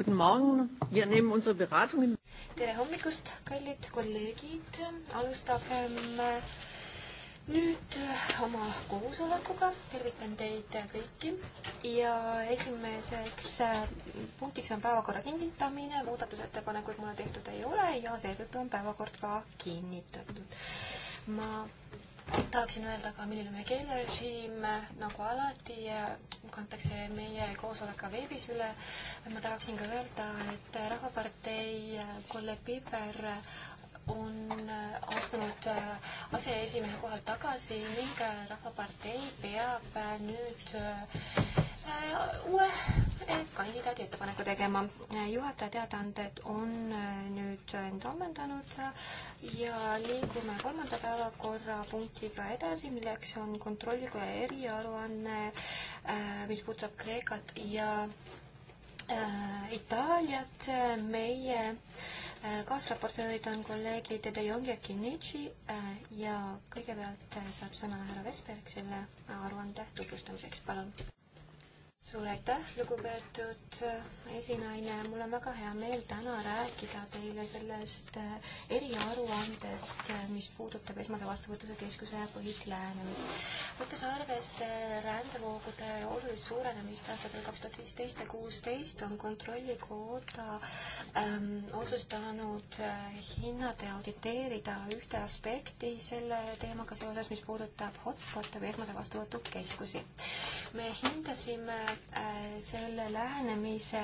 Guten Morgen, wir nehmen unsere Beratungen. tere hommikust, kallid kolleegid, alustagem äh, nüüd äh, oma koosolekuga, tervitan teid kõiki ja esimeseks äh, punktiks on päevakorra kinnitamine, muudatusettepanekuid mulle tehtud ei ole ja seetõttu on päevakord ka kinnitatud. ma tahaksin öelda ka, milline meie keelerežiim, nagu alati kantakse meie koosolek ka veebis üle. ma tahaksin ka öelda, et Rahvapartei kolleeg Piper on astunud aseesimehe kohalt tagasi ning Rahvapartei peab nüüd Äh, uue äh, kandidaadi ettepaneku tegema. Äh, juhataja teadaanded on nüüd end ammendanud ja liigume kolmanda päevakorrapunktiga edasi, milleks on kontrollikoja eriaruanne, mis puudutab Kreekat ja Itaaliat. meie kaasraportöörid on kolleegid De Jong ja Kinnitši ja kõigepealt saab sõna härra Vesberg selle aruande tutvustamiseks, palun suur aitäh, lugupeetud äh, esinaine, mul on väga hea meel täna rääkida teile sellest äh, eriaruandest, äh, mis puudutab esmase vastuvõtluse keskuse põhist lähenemist. võttes arvesse rändevoogude olulist suurenemist aastatel kaks tuhat viisteist ja kuusteist, on kontrollikoda ähm, otsustanud hinnata ja auditeerida ühte aspekti selle teemaga seoses, mis puudutab hotspot'e või esmase vastuvõtukeskusi. me hindasime Äh, selle lähenemise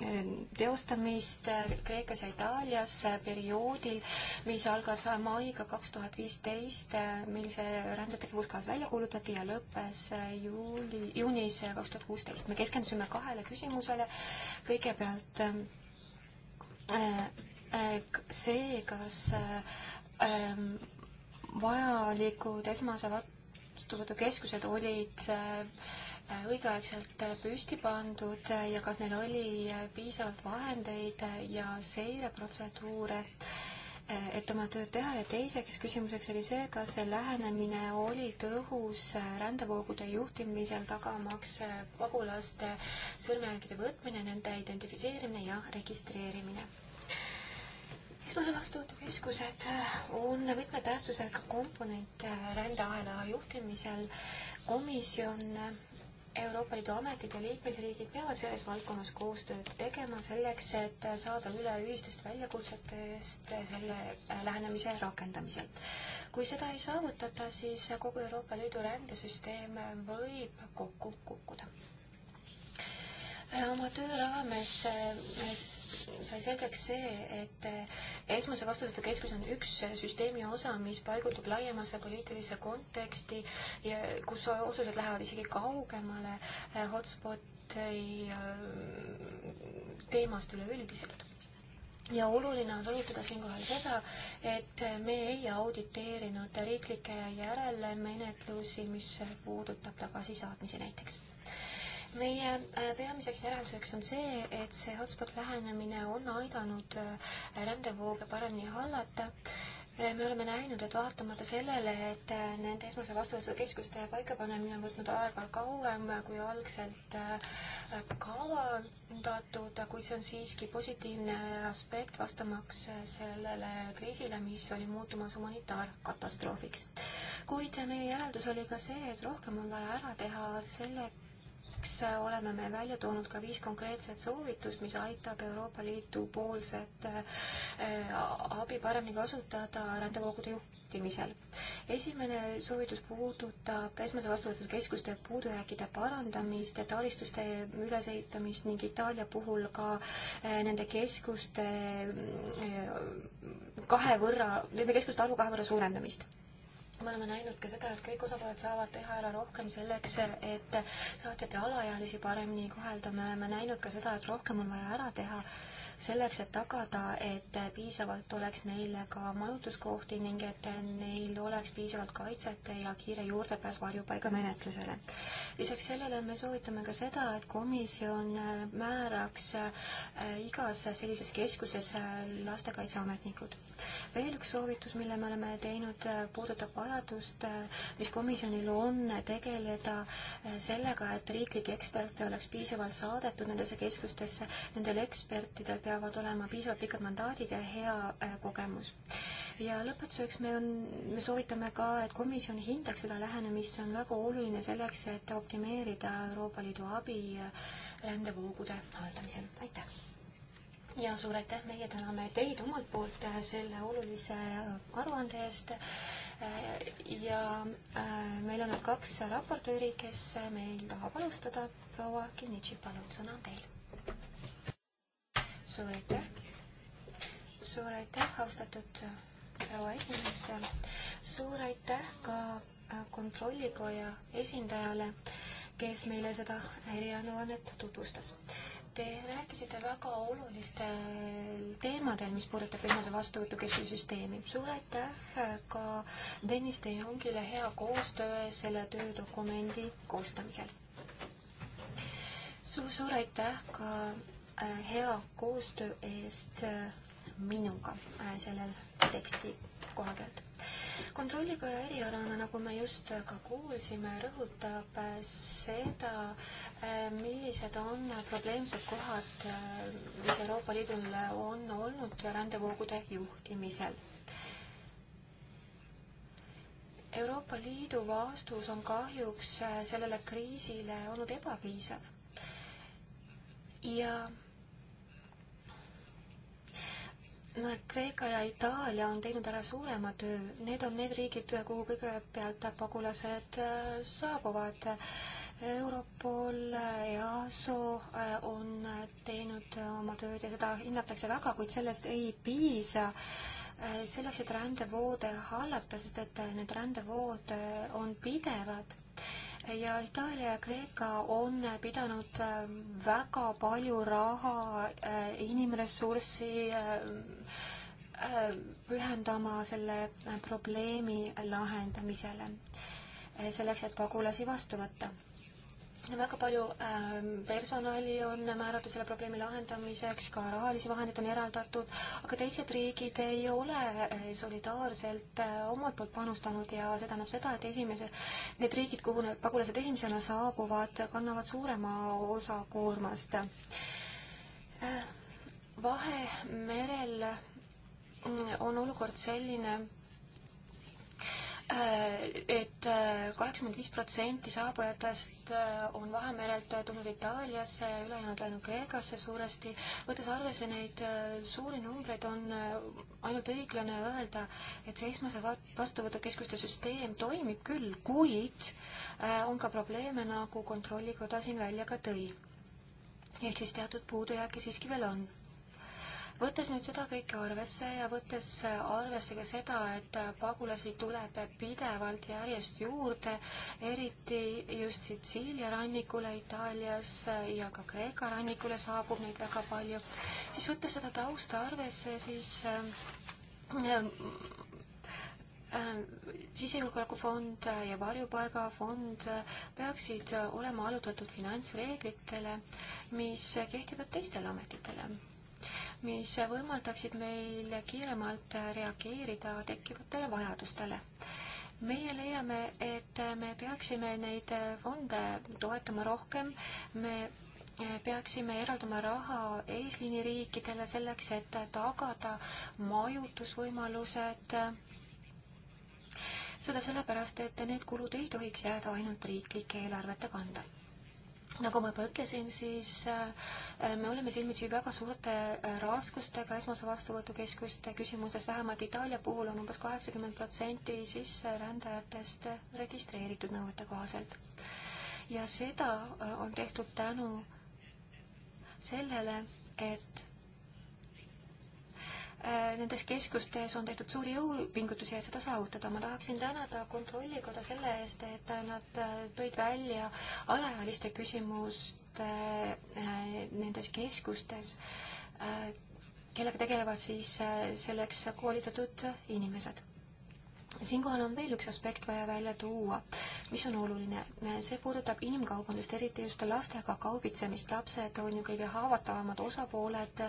äh, teostamist äh, Kreekas ja Itaalias perioodil, mis algas maiga kaks tuhat viisteist, mil see rändetegevus kaasa välja kuulutati ja lõppes juuli, juunis kaks tuhat kuusteist. me keskendusime kahele küsimusele. kõigepealt see, kas vajalikud esmase vastuvõtukeskused olid äh, Äh, õigeaegselt äh, püsti pandud äh, ja kas neil oli piisavalt vahendeid ja seireprotseduure, et oma tööd teha ja teiseks küsimuseks oli see, kas see lähenemine oli tõhus rändevoogude juhtimisel, tagamaks pagulaste sõrmejälgede võtmine, nende identifitseerimine ja registreerimine esmase vastuvõtu keskused on võtmetähtsusega komponent rändeahela juhtimisel. komisjon Euroopa Liidu ametid ja liikmesriigid peavad selles valdkonnas koostööd tegema selleks, et saada üle ühistest väljakutsetest selle äh, lähenemise rakendamisel. kui seda ei saavutata, siis kogu Euroopa Liidu rändesüsteem võib kokku kukkuda oma töö raames äh, sai selgeks see, et äh, esmase vastuvõtu keskus on üks äh, süsteemi osa, mis paigutub laiemasse poliitilisse konteksti ja kus otsused lähevad isegi kaugemale hotspoti teemast üleüldiselt ja oluline on rõhutada siinkohal seda, et me ei auditeerinud riiklikke järelmenetlusi, mis puudutab tagasisaatmisi näiteks meie äh, peamiseks järelduseks on see, et see hotspot lähenemine on aidanud äh, rändevooge paremini hallata äh, me oleme näinud, et vaatamata sellele, et nende esmase vastuvõtu keskuste paikapanemine on võtnud aega kauem kui algselt kavandatud, kuid see on siiski positiivne aspekt vastamaks sellele kriisile, mis oli muutumas humanitaarkatastroofiks. kuid meie järeldus oli ka see, et rohkem on vaja ära teha selleks, lisaks äh, oleme me välja toonud ka viis konkreetset soovitust, mis aitab Euroopa Liidu poolset äh, äh, abi paremini kasutada rändevoogude juhtimisel. esimene soovitus puudutab esmase vastuvõtmise keskuste puudujääkide parandamist, taristuste ülesehitamist ning Itaalia puhul ka nende keskuste kahe võrra, nende keskuste arvu kahe võrra suurendamist me oleme näinud ka seda, et kõik osapooled saavad teha ära rohkem selleks, et saatjate alaealisi paremini kohelda, me oleme näinud ka seda, et rohkem on vaja ära teha selleks, et tagada, et piisavalt oleks neile ka majutuskohti ning et neil oleks piisavalt kaitset ja kiire juurdepääs varjupaigamenetlusele. lisaks sellele me soovitame ka seda, et komisjon määraks äh, igas sellises keskuses äh, lastekaitseametnikud. veel üks soovitus, mille me oleme teinud, äh, puudutab vajadust, mis komisjonil on tegeleda sellega, et riiklikke eksperte oleks piisavalt saadetud nendesse keskustesse, nendel ekspertidel peab peavad olema piisavalt pikad mandaadid ja hea äh, kogemus. ja lõpetuseks me on, me soovitame ka, et komisjon hindaks seda lähenemist, see on väga oluline selleks, et optimeerida Euroopa Liidu abi äh, rändevoogude haldamisel, aitäh! ja suur aitäh, meie täname teid omalt poolt äh, selle olulise aruande eest ja meil on nüüd kaks raportööri, kes meil tahab alustada. proua Kinnitši, palun, sõna on teil suur aitäh. suur aitäh, austatud proua esimees. suur aitäh ka äh, kontrollikoja esindajale, kes meile seda erianuannet tutvustas. Te rääkisite väga olulistel teemadel, mis puudutab esmase vastuvõtukeskuse süsteemi. suur aitäh äh, ka Deniss De Jongile hea koostöö selle töödokumendi koostamisel. suur-suur aitäh ka hea koostöö eest äh, minuga äh, sellel teksti koha pealt. kontrollikoja erialana, nagu me just ka kuulsime, rõhutab äh, seda, millised on probleemsed kohad, mis Euroopa Liidul on olnud rändevoogude juhtimisel. Euroopa Liidu vastus on kahjuks sellele kriisile olnud ebapiisav ja Kreeka ja Itaalia on teinud ära suurema töö, need on need riigid, kuhu kõigepealt pagulased äh, saabuvad. Europol, EASO äh, on teinud oma tööd ja seda hinnatakse väga, kuid sellest ei piisa äh, selleks, et rändevoode hallata, sest et need rändevood on pidevad ja Itaalia ja Kreeka on pidanud ähm, väga palju raha, äh, inimressurssi ähm, äh, pühendama selle äh, probleemi lahendamisele, selleks et pagulasi vastu võtta väga palju ähm, personali on määratud selle probleemi lahendamiseks, ka rahalisi vahendeid on eraldatud, aga teised riigid ei ole äh, solidaarselt äh, omalt poolt panustanud ja see tähendab seda, et esimese, need riigid, kuhu need pagulased esimesena saabuvad, kannavad suurema osa koormast. Äh, Vahemerel mm, on olukord selline Äh, et äh, kaheksakümmend viis protsenti saabujatest äh, on Vahemerelt tulnud Itaaliasse, ülejäänud läinud Kreekasse suuresti. võttes arvesse neid suuri numbreid, on ainult õiglane öelda, et seitsmese vastuvõtukeskuste süsteem toimib küll, kuid on ka probleeme, nagu Kontrollikoda siin välja ka tõi. ehk siis teatud puudujääke siiski veel on võttes nüüd seda kõike arvesse ja võttes arvesse ka seda, et pagulasi tuleb pidevalt järjest juurde, eriti just Sitsiilia rannikule Itaalias ja ka Kreeka rannikule saabub neid väga palju, siis võttes seda tausta arvesse, siis äh, sisejulgeolekufond ja varjupaigafond peaksid olema allutatud finantsreeglitele, mis kehtivad teistele ametitele mis võimaldaksid meil kiiremalt reageerida tekkivatele vajadustele. meie leiame, et me peaksime neid fonde toetama rohkem, me peaksime eraldama raha eesliiniriikidele selleks, et tagada majutusvõimalused seda sellepärast, et need kulud ei tohiks jääda ainult riiklike eelarvete kanda nagu ma juba ütlesin, siis äh, me oleme silmitsi väga suurte äh, raskustega esmase vastuvõtukeskuste küsimuses, vähemalt Itaalia puhul on umbes kaheksakümmend protsenti sisserändajatest registreeritud nõuete kohaselt. ja seda äh, on tehtud tänu sellele, et Äh, nendes keskustes on tehtud suuri jõupingutusi, et seda saavutada. ma tahaksin tänada Kontrollikoda selle eest, et nad äh, tõid välja alaealiste küsimust äh, nendes keskustes, kellega tegelevad siis selleks koolitatud inimesed siinkohal on veel üks aspekt vaja välja tuua, mis on oluline. see puudutab inimkaubandust, eriti just lastega kaubitsemist. lapsed on ju kõige haavatavamad osapooled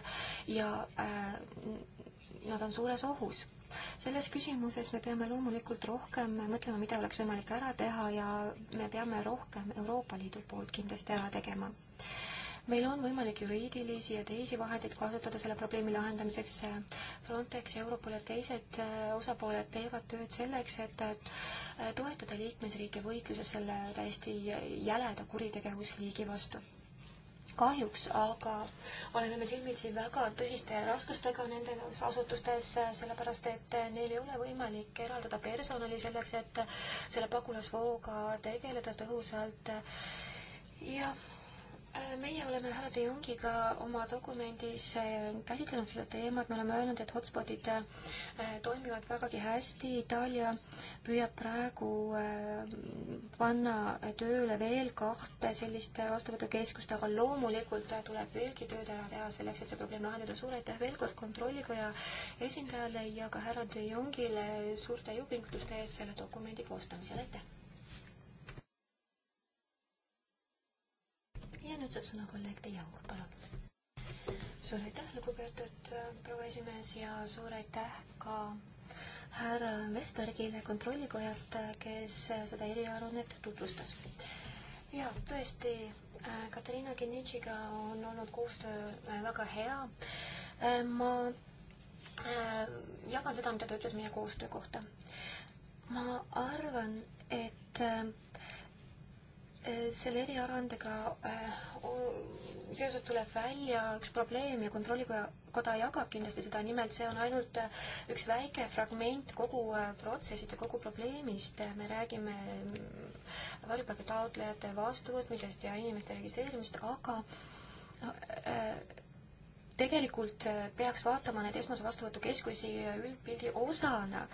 ja äh, nad on suures ohus. selles küsimuses me peame loomulikult rohkem mõtlema, mida oleks võimalik ära teha ja me peame rohkem Euroopa Liidu poolt kindlasti ära tegema. meil on võimalik juriidilisi ja teisi vahendeid kasutada selle probleemi lahendamiseks. Frontex, Europol ja teised äh, osapooled teevad tööd selleks, et äh, toetada liikmesriike võitluses selle täiesti jäleda kuritegevusliigi vastu kahjuks aga oleme me silmitsi väga tõsiste raskustega nendes asutustes, sellepärast et neil ei ole võimalik eraldada personali selleks, et selle pagulasvooga tegeleda tõhusalt. jah Äh, meie oleme härra De Jongiga oma dokumendis äh, käsitlenud seda teemat, me oleme öelnud, et hotspotid äh, toimivad vägagi hästi, Itaalia püüab praegu panna tööle veel kahte sellist vastuvõtukeskust, aga loomulikult tuleb veelgi tööd ära teha selleks, et see probleem lahendada. suur aitäh veel kord Kontrollikoja esindajale ja ka härra De Jongile suurte jõupingutuste eest selle dokumendi koostamisel, aitäh! ja nüüd saab sõna kolleeg Teie Aur, palun. suur aitäh, lugupeetud äh, proua esimees ja suur aitäh ka härra Vesbergile Kontrollikojast, äh, kes äh, seda eriaruannet tutvustas. jaa, tõesti, Katariina Genitšiga on olnud koostöö väga hea. ma jagan seda, mida ta ütles meie koostöö kohta. ma arvan, et Eh, selle eriaruandega eh, seoses tuleb välja üks probleem ja Kontrollikoda jagab kindlasti seda, nimelt see on ainult eh, üks väike fragment kogu protsessist ja kogu probleemist. me räägime mm, varjupaiga taotlejate vastuvõtmisest ja inimeste registreerimisest, aga tegelikult peaks vaatama neid esmase vastuvõtukeskusi üldpildi osana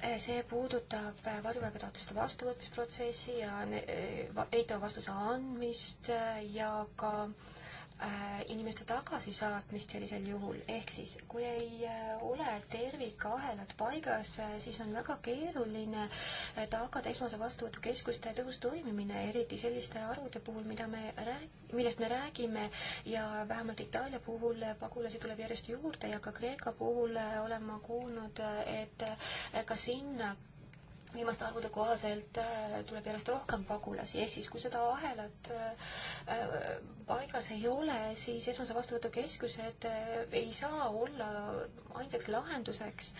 Eh, see puudutab eh, varjupaigataotluste vastuvõtmisprotsessi ja eh, eitava vastuse andmist ja ka äh, Äh, inimeste tagasisaatmist sellisel juhul, ehk siis kui ei äh, ole tervikahelad paigas, äh, siis on väga keeruline tagada esmase vastuvõtukeskuste tõhus toimimine, eriti selliste arvude puhul, mida me rääg-, millest me räägime ja vähemalt Itaalia puhul pagulasi tuleb järjest juurde ja ka Kreeka puhul olen ma kuulnud, et ka sinna viimaste arvude kohaselt äh, tuleb järjest rohkem pagulasi, ehk siis kui seda ahelat äh, paigas ei ole, siis esmase vastuvõtu keskused äh, ei saa olla ainsaks lahenduseks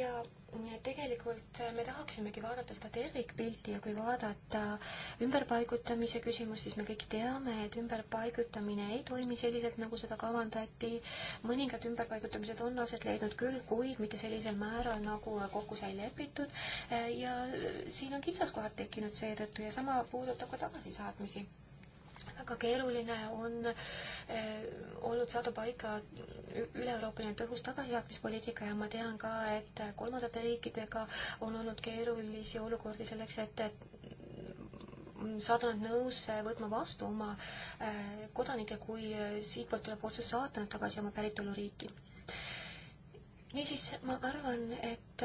ja tegelikult me tahaksimegi vaadata seda tervikpilti ja kui vaadata ümberpaigutamise küsimust, siis me kõik teame, et ümberpaigutamine ei toimi selliselt, nagu seda kavandati. mõningad ümberpaigutamised on aset leidnud küll, kuid mitte sellisel määral, nagu kokku sai lepitud. ja siin on kitsaskohad tekkinud seetõttu ja sama puudutab ka tagasisaatmisi väga keeruline on eh, olnud saada paika üle-Euroopaline tõhus tagasisaatmispoliitika ja ma tean ka, et kolmandate riikidega on olnud keerulisi olukordi selleks, et saada nad nõusse eh, võtma vastu oma eh, kodanikke, kui siitpoolt tuleb otsus saata nad tagasi oma päritoluriiki. niisiis, ma arvan, et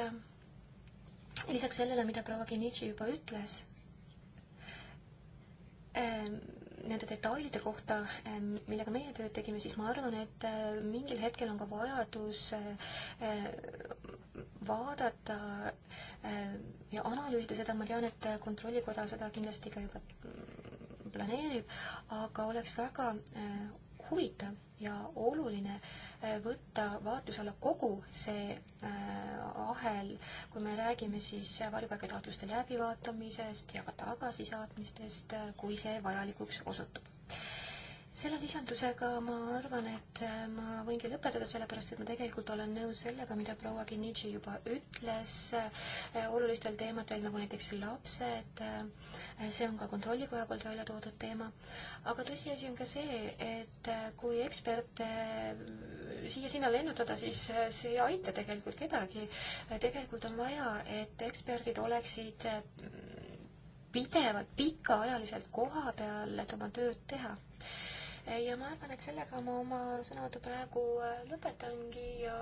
lisaks sellele, mida proua Genichi juba ütles, nende detailide kohta, millega meie tööd tegime, siis ma arvan, et äh, mingil hetkel on ka vajadus äh, vaadata äh, ja analüüsida seda, ma tean, et Kontrollikoda seda kindlasti ka juba planeerib, aga oleks väga huvitav ja oluline äh, võtta vaatluse alla kogu see äh, ahel, kui me räägime siis varjupaigataotluste läbivaatamisest ja ka tagasisaatmistest, äh, kui see vajalikuks osutub selle lisandusega ma arvan, et äh, ma võingi lõpetada, sellepärast et ma tegelikult olen nõus sellega, mida proua Kinnitši juba ütles äh, olulistel teemadel, nagu näiteks lapsed, äh, see on ka kontrollikoja poolt välja toodud teema, aga tõsiasi on ka see, et kui eksperte siia-sinna lennutada, siis see ei aita tegelikult kedagi. tegelikult on vaja, et eksperdid oleksid pidevalt pikaajaliselt koha peal, et oma tööd teha ja ma arvan, et sellega ma oma sõnavõtu praegu äh, lõpetangi ja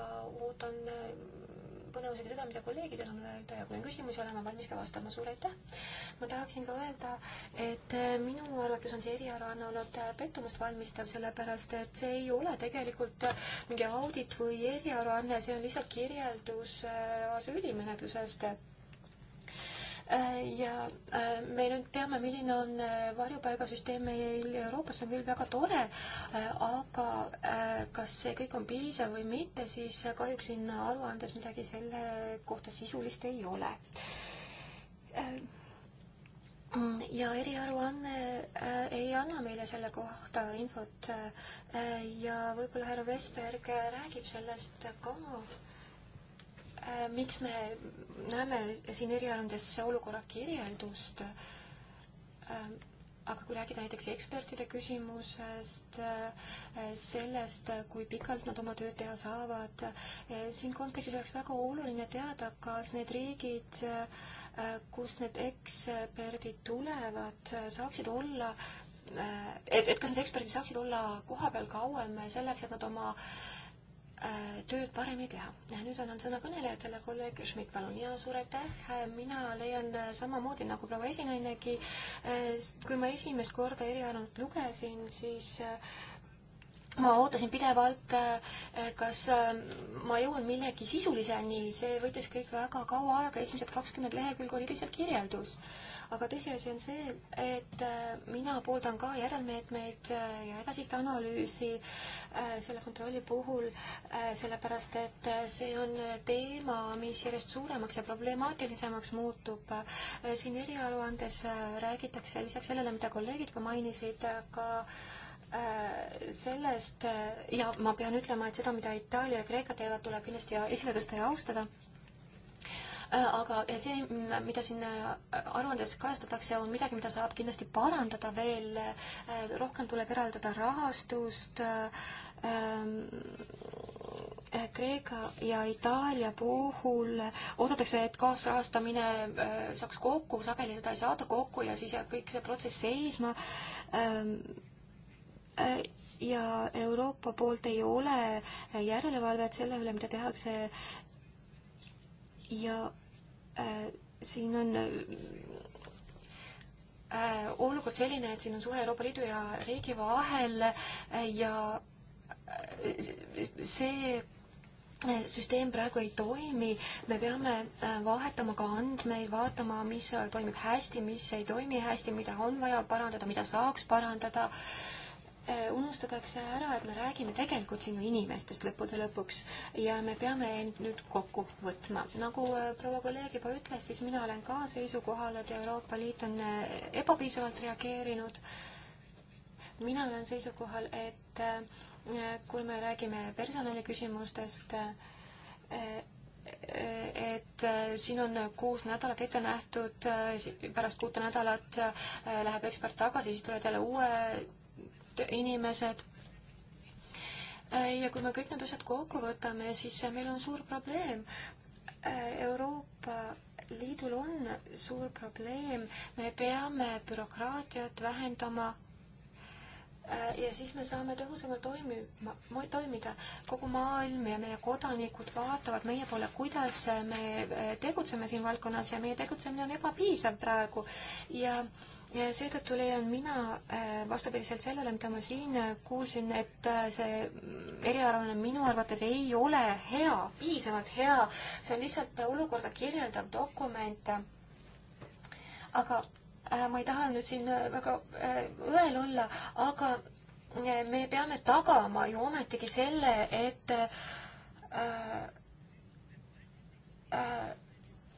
ootan äh, põnevusega seda, mida kolleegidel on öelda ja kui on küsimusi, olen ma valmis ka vastama, suur aitäh! ma tahaksin ka öelda, et äh, minu arvates on see eriaruanne olnud pettumust valmistav, sellepärast et see ei ole tegelikult mingi audit või eriaruanne, see on lihtsalt kirjeldus asüülimenetlusest äh, Äh, ja äh, me nüüd teame, milline on äh, varjupaigasüsteem meil Euroopas, see on küll väga tore, aga kas see kõik on piisav või mitte, siis kahjuks siin aruandes midagi selle kohta sisulist ei ole. Mm, ja eriaruanne ei anna meile selle kohta infot ja võib-olla härra Vesberg räägib sellest ka Äh, miks me näeme siin erialamades olukorra kirjeldust, äh, aga kui rääkida näiteks ekspertide küsimusest, äh, sellest, kui pikalt nad oma tööd teha saavad, siin kontekstis oleks väga oluline teada, kas need riigid, kust need eksperdid tulevad, saaksid olla et, et kas need eksperdid saaksid olla kohapeal kauem selleks, et nad oma äh, Äh, tööd paremini teha. nüüd annan sõna kõnelejatele, kolleeg Schmidt, palun. ja suur aitäh, äh, mina leian äh, samamoodi nagu proua esinainegi, kui ma esimest korda eriarvamust lugesin, siis äh, ma ootasin pidevalt, äh, kas äh, ma jõuan millegi sisuliseni, see võttis kõik väga kaua aega, esimesed kakskümmend lehekülge oli lihtsalt kirjeldus. aga tõsiasi on see, et äh, mina pooldan ka järelmeetmeid ja edasist analüüsi selle kontrolli puhul, sellepärast et see on teema, mis järjest suuremaks ja problemaatilisemaks muutub. siin eriaruandes räägitakse lisaks sellele, mida kolleegid ka mainisid, ka Äh, sellest äh, ja ma pean ütlema, et seda, mida Itaalia ja Kreeka teevad, tuleb kindlasti esile tõsta ja austada äh, aga see, mida siin aruandes kajastatakse, on midagi, mida saab kindlasti parandada veel, rohkem tuleb eraldada rahastust, Kreeka ja Itaalia puhul oodatakse, et kaasrahastamine saaks kokku, sageli seda ei saada kokku ja siis jääb kõik see protsess seisma ähm, Äh, ja Euroopa poolt ei ole järelevalvet selle üle, mida tehakse ja äh, siin on äh, olukord selline, et siin on suhe Euroopa Liidu ja riigi vahel äh, ja äh, see äh, süsteem praegu ei toimi, me peame vahetama ka andmeid, vaatama, mis toimib hästi, mis ei toimi hästi, mida on vaja parandada, mida saaks parandada äh, Äh, unustatakse ära, et me räägime tegelikult siin ju inimestest lõppude lõpuks ja me peame end nüüd kokku võtma. nagu äh, proua kolleeg juba ütles, siis mina olen ka seisukohal, et Euroopa Liit on äh, ebapiisavalt reageerinud. mina olen seisukohal, et kui me räägime personaliküsimustest, et siin on kuus nädalat ette nähtud, pärast kuute nädalat läheb ekspert tagasi, siis tuleb jälle uue töötud inimesed. ja kui me kõik need asjad kokku võtame, siis meil on suur probleem. Euroopa Liidul on suur probleem, me peame bürokraatiat vähendama Äh, ja siis me saame tõhusamalt toimima, toimida. kogu maailm ja meie kodanikud vaatavad meie poole, kuidas me äh, tegutseme siin valdkonnas ja meie tegutsemine on ebapiisav praegu ja ja seetõttu leian mina äh, vastupidiselt sellele, mida ma siin kuulsin, et see eriarvamine minu arvates ei ole hea, piisavalt hea, see on lihtsalt olukorda kirjeldav dokument. aga Äh, ma ei taha nüüd siin äh, väga äh, õel olla, aga me peame tagama ju ometigi selle, et äh, äh,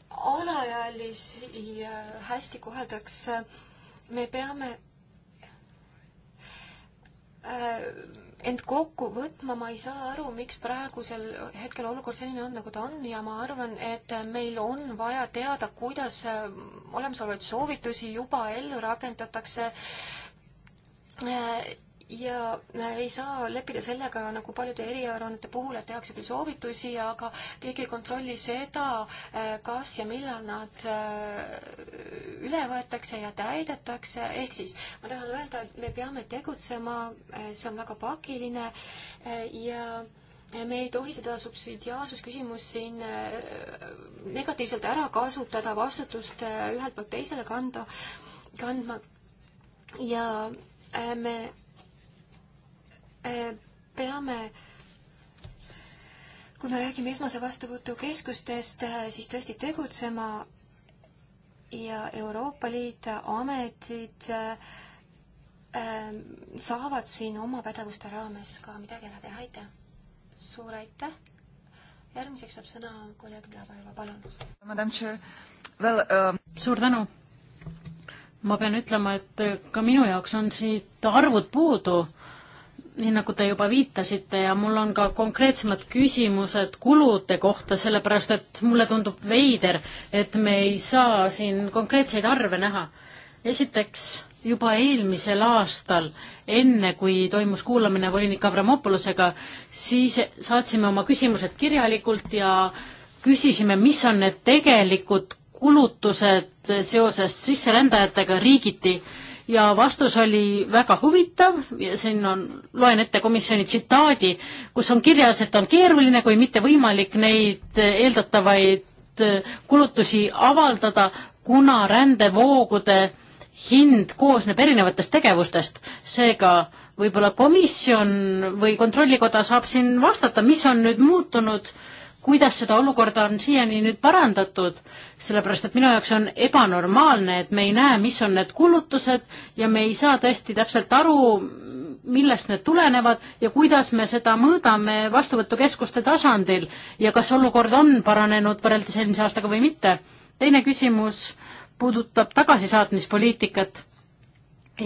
alaealisi hästi koheldakse. me peame äh, ent kokku võtma ma ei saa aru, miks praegusel hetkel olukord selline on, nagu ta on ja ma arvan, et meil on vaja teada, kuidas äh, olemasolevaid soovitusi juba ellu rakendatakse äh, ja äh, ei saa leppida sellega, nagu paljude eriaruannete puhul, et tehakse küll soovitusi, aga keegi ei kontrolli seda, äh, kas ja millal nad äh, üle võetakse ja täidetakse, ehk siis ma tahan öelda, et me peame tegutsema, see on väga pakiline ja me ei tohi seda subsidiaarsusküsimust siin negatiivselt ära kasutada, vastutust ühelt poolt teisele kanda, kandma ja me Äh, peame kui me räägime esmase vastuvõtu keskustest, äh, siis tõesti tegutsema ja Euroopa Liit, ametid äh, saavad siin oma pädevuste raames ka midagi ära teha, aitäh! suur aitäh! järgmiseks saab sõna kolleeg Lavajeva, palun! Well, um... suur tänu! ma pean ütlema, et ka minu jaoks on siit arvud puudu nii nagu te juba viitasite ja mul on ka konkreetsemad küsimused kulude kohta, sellepärast et mulle tundub veider, et me ei saa siin konkreetseid arve näha. esiteks, juba eelmisel aastal, enne kui toimus kuulamine volinik Avramopoulosega, siis saatsime oma küsimused kirjalikult ja küsisime, mis on need tegelikud kulutused seoses sisserändajatega riigiti ja vastus oli väga huvitav ja siin on, loen ette komisjoni tsitaadi, kus on kirjas, et on keeruline, kui mitte võimalik neid eeldatavaid äh, kulutusi avaldada, kuna rändevoogude hind koosneb erinevatest tegevustest, seega võib-olla komisjon või kontrollikoda saab siin vastata, mis on nüüd muutunud äh, kuidas seda olukorda on siiani nüüd parandatud, sellepärast et minu jaoks on ebanormaalne, et me ei näe, mis on need kulutused ja me ei saa tõesti täpselt aru, millest need tulenevad ja kuidas me seda mõõdame vastuvõtukeskuste tasandil ja kas olukord on paranenud võrreldes eelmise aastaga või mitte. teine küsimus puudutab tagasisaatmispoliitikat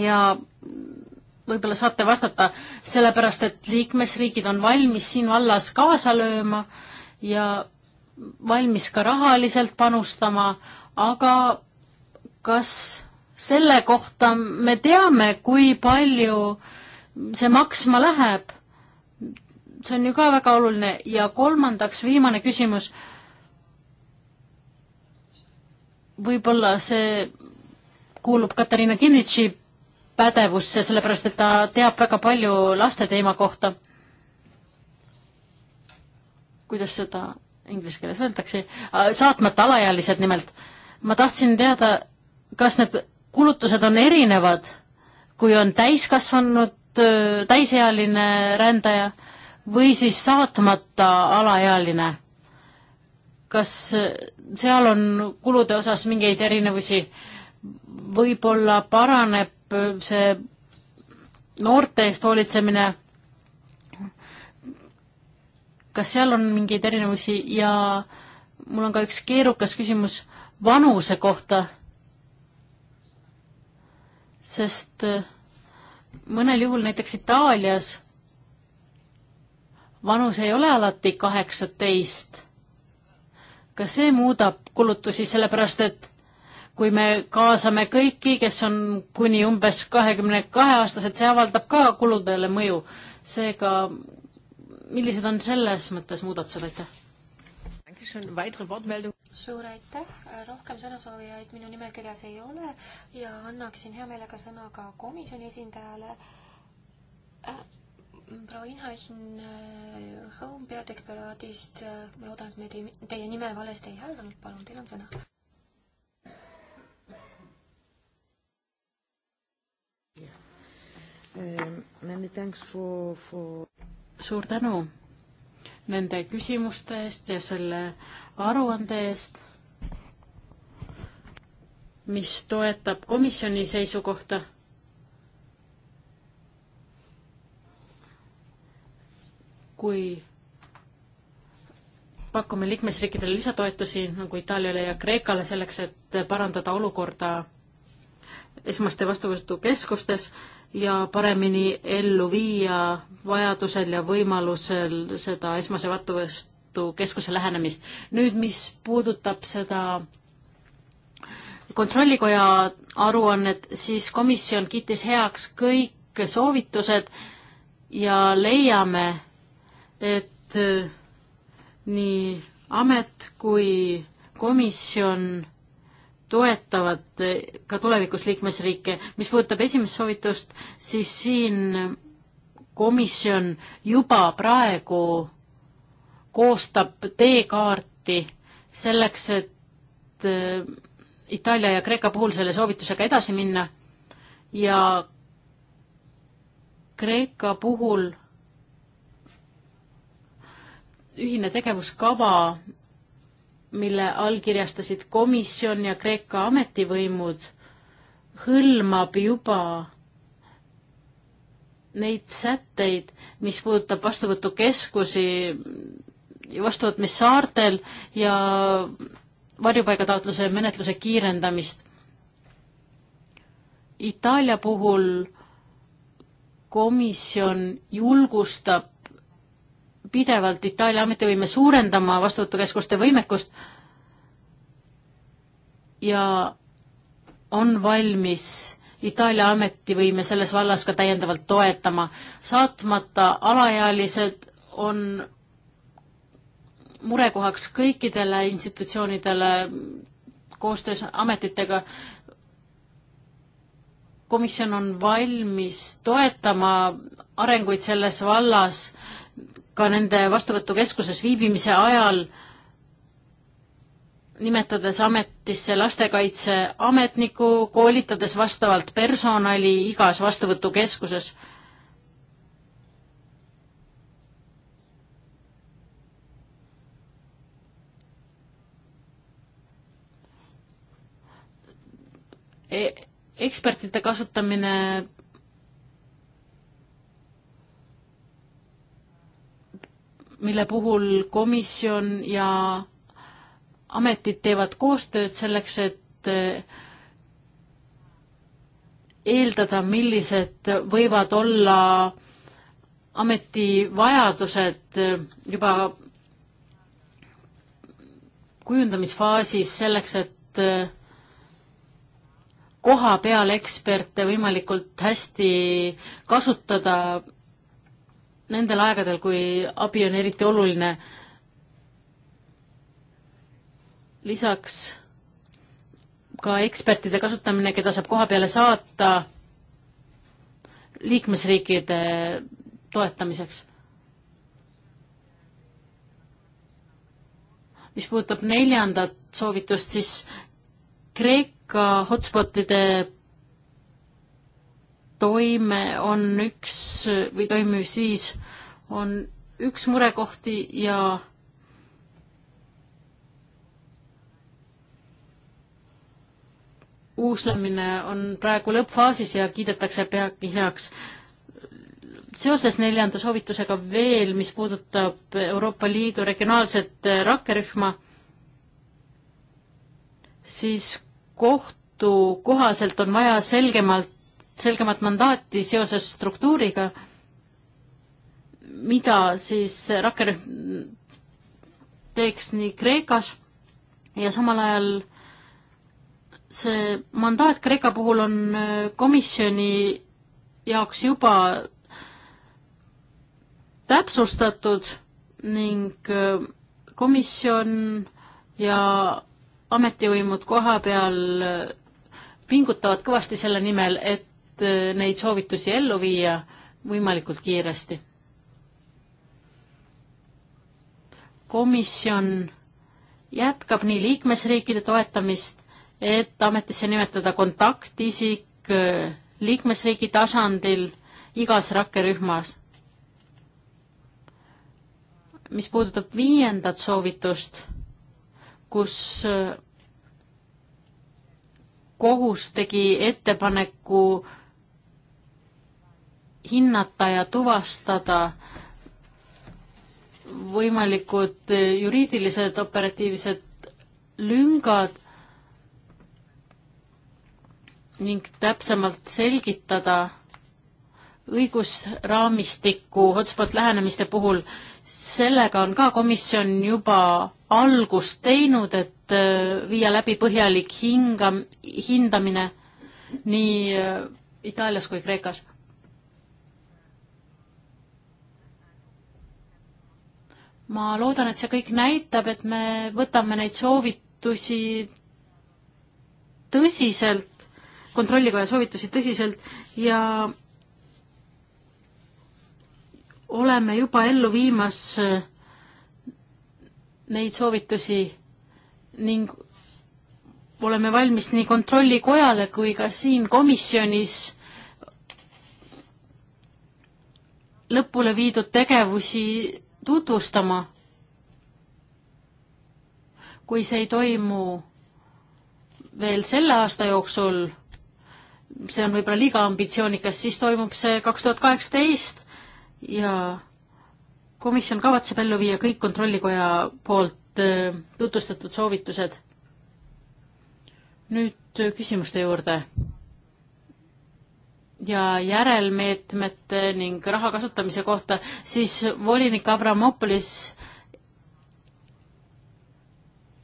ja võib-olla saate vastata, sellepärast et liikmesriigid on valmis siin vallas kaasa lööma äh, ja valmis ka rahaliselt panustama, aga kas selle kohta me teame, kui palju see maksma läheb? see on ju ka väga oluline ja kolmandaks viimane küsimus. võib-olla see kuulub Katariina Kinnitši pädevusse, sellepärast et ta teab väga palju laste teema kohta kuidas seda inglise keeles öeldakse, äh, saatmata alaealised nimelt. ma tahtsin teada, kas need kulutused on erinevad, kui on täiskasvanud, äh, täisealine rändaja või siis saatmata alaealine. kas äh, seal on kulude osas mingeid erinevusi? võib-olla paraneb see noorte eest hoolitsemine kas seal on mingeid erinevusi ja mul on ka üks keerukas küsimus vanuse kohta, sest äh, mõnel juhul näiteks Itaalias vanus ei ole alati kaheksateist. ka see muudab kulutusi, sellepärast et kui me kaasame kõiki, kes on kuni umbes kahekümne kahe aastased, see avaldab ka kuludele mõju. seega millised on selles mõttes muudatused, aitäh? suur aitäh, rohkem sõnasoovijaid minu nimekirjas ei ole ja annaksin hea meelega sõna ka komisjoni esindajale äh,. proua Inhasin äh, Home peadirektoraadist, äh, ma loodan, et me te, teie nime valesti ei hääldanud, palun, teil on sõna. Um, many thanks for, for suur tänu nende küsimuste eest ja selle aruande eest, mis toetab komisjoni seisukohta kui pakume liikmesriikidele lisatoetusi nagu Itaaliale ja Kreekale selleks, et parandada olukorda esmaste vastuvõtukeskustes, ja paremini ellu viia vajadusel ja võimalusel seda esmase vastuvõtukeskuse lähenemist. nüüd, mis puudutab seda kontrollikoja aruannet, siis komisjon kiitis heaks kõik soovitused ja leiame, et nii amet kui komisjon toetavad eh, ka tulevikus liikmesriike. mis puudutab esimest soovitust, siis siin komisjon juba praegu koostab teekaarti selleks, et eh, Itaalia ja Kreeka puhul selle soovitusega edasi minna ja Kreeka puhul ühine tegevuskava mille allkirjastasid komisjon ja Kreeka ametivõimud, hõlmab juba neid sätteid, mis puudutab vastuvõtukeskusi vastuvõtmissaartel ja varjupaigataotluse menetluse kiirendamist. Itaalia puhul komisjon julgustab pidevalt Itaalia ametivõime suurendama vastuvõtukeskuste võimekust ja on valmis Itaalia ametivõime selles vallas ka täiendavalt toetama. saatmata alaealised on murekohaks kõikidele institutsioonidele koostöös ametitega. komisjon on valmis toetama arenguid selles vallas ka nende vastuvõtukeskuses viibimise ajal, nimetades ametisse lastekaitseametniku, koolitades vastavalt personali igas vastuvõtukeskuses. E-, ekspertide kasutamine mille puhul komisjon ja ametid teevad koostööd selleks, et eh, eeldada, millised võivad olla ametivajadused eh, juba kujundamisfaasis selleks, et eh, koha peal eksperte võimalikult hästi kasutada nendel aegadel, kui abi on eriti oluline. lisaks ka ekspertide kasutamine, keda saab koha peale saata liikmesriikide toetamiseks. mis puudutab neljandat soovitust, siis Kreeka hotspotide toime on üks või toimiv siis on üks murekohti ja uuslemine on praegu lõppfaasis ja kiidetakse peagi heaks. seoses neljanda soovitusega veel, mis puudutab Euroopa Liidu regionaalset rakkerühma, siis kohtu kohaselt on vaja selgemalt selgemat mandaati seoses struktuuriga, mida siis rakkerühm teeks nii Kreekas ja samal ajal see mandaat Kreeka puhul on äh, komisjoni jaoks juba täpsustatud ning äh, komisjon ja ametivõimud koha peal äh, pingutavad kõvasti selle nimel, et et äh, neid soovitusi ellu viia võimalikult kiiresti. komisjon jätkab nii liikmesriikide toetamist, et ametisse nimetada kontaktisik äh, liikmesriigi tasandil igas rakkerühmas. mis puudutab viiendat soovitust, kus äh, kohus tegi ettepaneku hinnata ja tuvastada võimalikud juriidilised operatiivsed lüngad ning täpsemalt selgitada õigusraamistikku hotspot lähenemiste puhul. sellega on ka komisjon juba algust teinud, et äh, viia läbi põhjalik hinga, hindamine nii äh, Itaalias kui Kreekas ma loodan, et see kõik näitab, et me võtame neid soovitusi tõsiselt, kontrollikoja soovitusi tõsiselt ja oleme juba ellu viimas neid soovitusi ning oleme valmis nii kontrollikojale kui ka siin komisjonis lõpule viidud tegevusi tutvustama. kui see ei toimu veel selle aasta jooksul, see on võib-olla liiga ambitsioonikas, siis toimub see kaks tuhat kaheksateist ja komisjon kavatseb ellu viia kõik Kontrollikoja poolt äh, tutvustatud soovitused. nüüd äh, küsimuste juurde ja järelmeetmete ning raha kasutamise kohta, siis volinik Avramopolis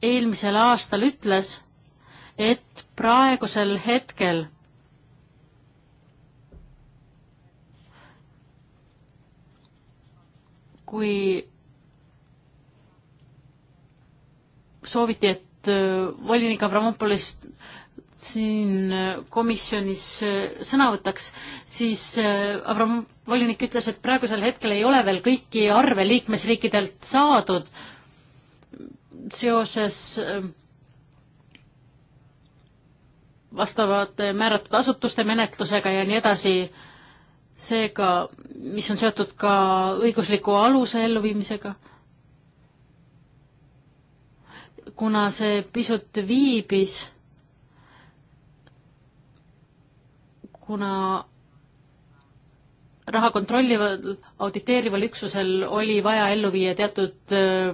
eelmisel aastal ütles, et praegusel hetkel kui sooviti, et volinik Avramopolis siin komisjonis sõna võtaks, siis äh, Abram volinik ütles, et praegusel hetkel ei ole veel kõiki arve liikmesriikidelt saadud seoses äh, vastavate määratud asutuste menetlusega ja nii edasi, seega, mis on seotud ka õigusliku aluse elluviimisega kuna see pisut viibis, kuna raha kontrollival, auditeerival üksusel oli vaja ellu viia teatud äh,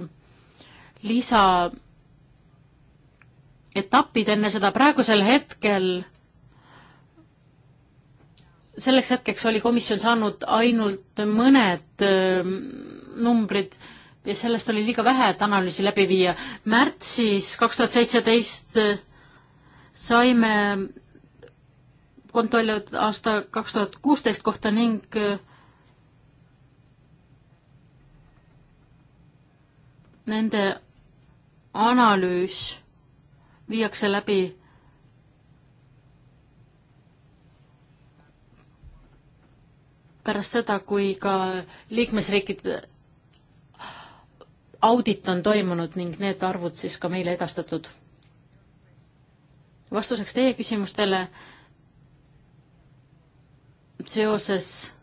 lisaetapid enne seda, praegusel hetkel, selleks hetkeks oli komisjon saanud ainult mõned äh, numbrid ja sellest oli liiga vähe, et analüüsi läbi viia. märtsis kaks tuhat seitseteist äh, saime kontrolli aasta kaks tuhat kuusteist kohta ning äh, nende analüüs viiakse läbi pärast seda, kui ka liikmesriikide audit on toimunud ning need arvud siis ka meile edastatud. vastuseks teie küsimustele äh, seoses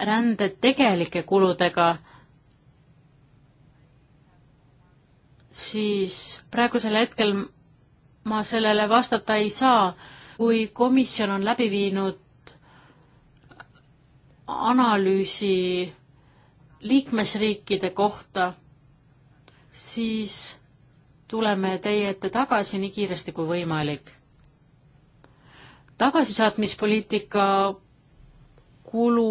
rände tegelike kuludega, siis praegusel hetkel ma sellele vastata ei saa. kui komisjon on läbi viinud analüüsi liikmesriikide kohta, siis tuleme teie ette tagasi nii kiiresti kui võimalik. tagasisaatmispoliitika kulu.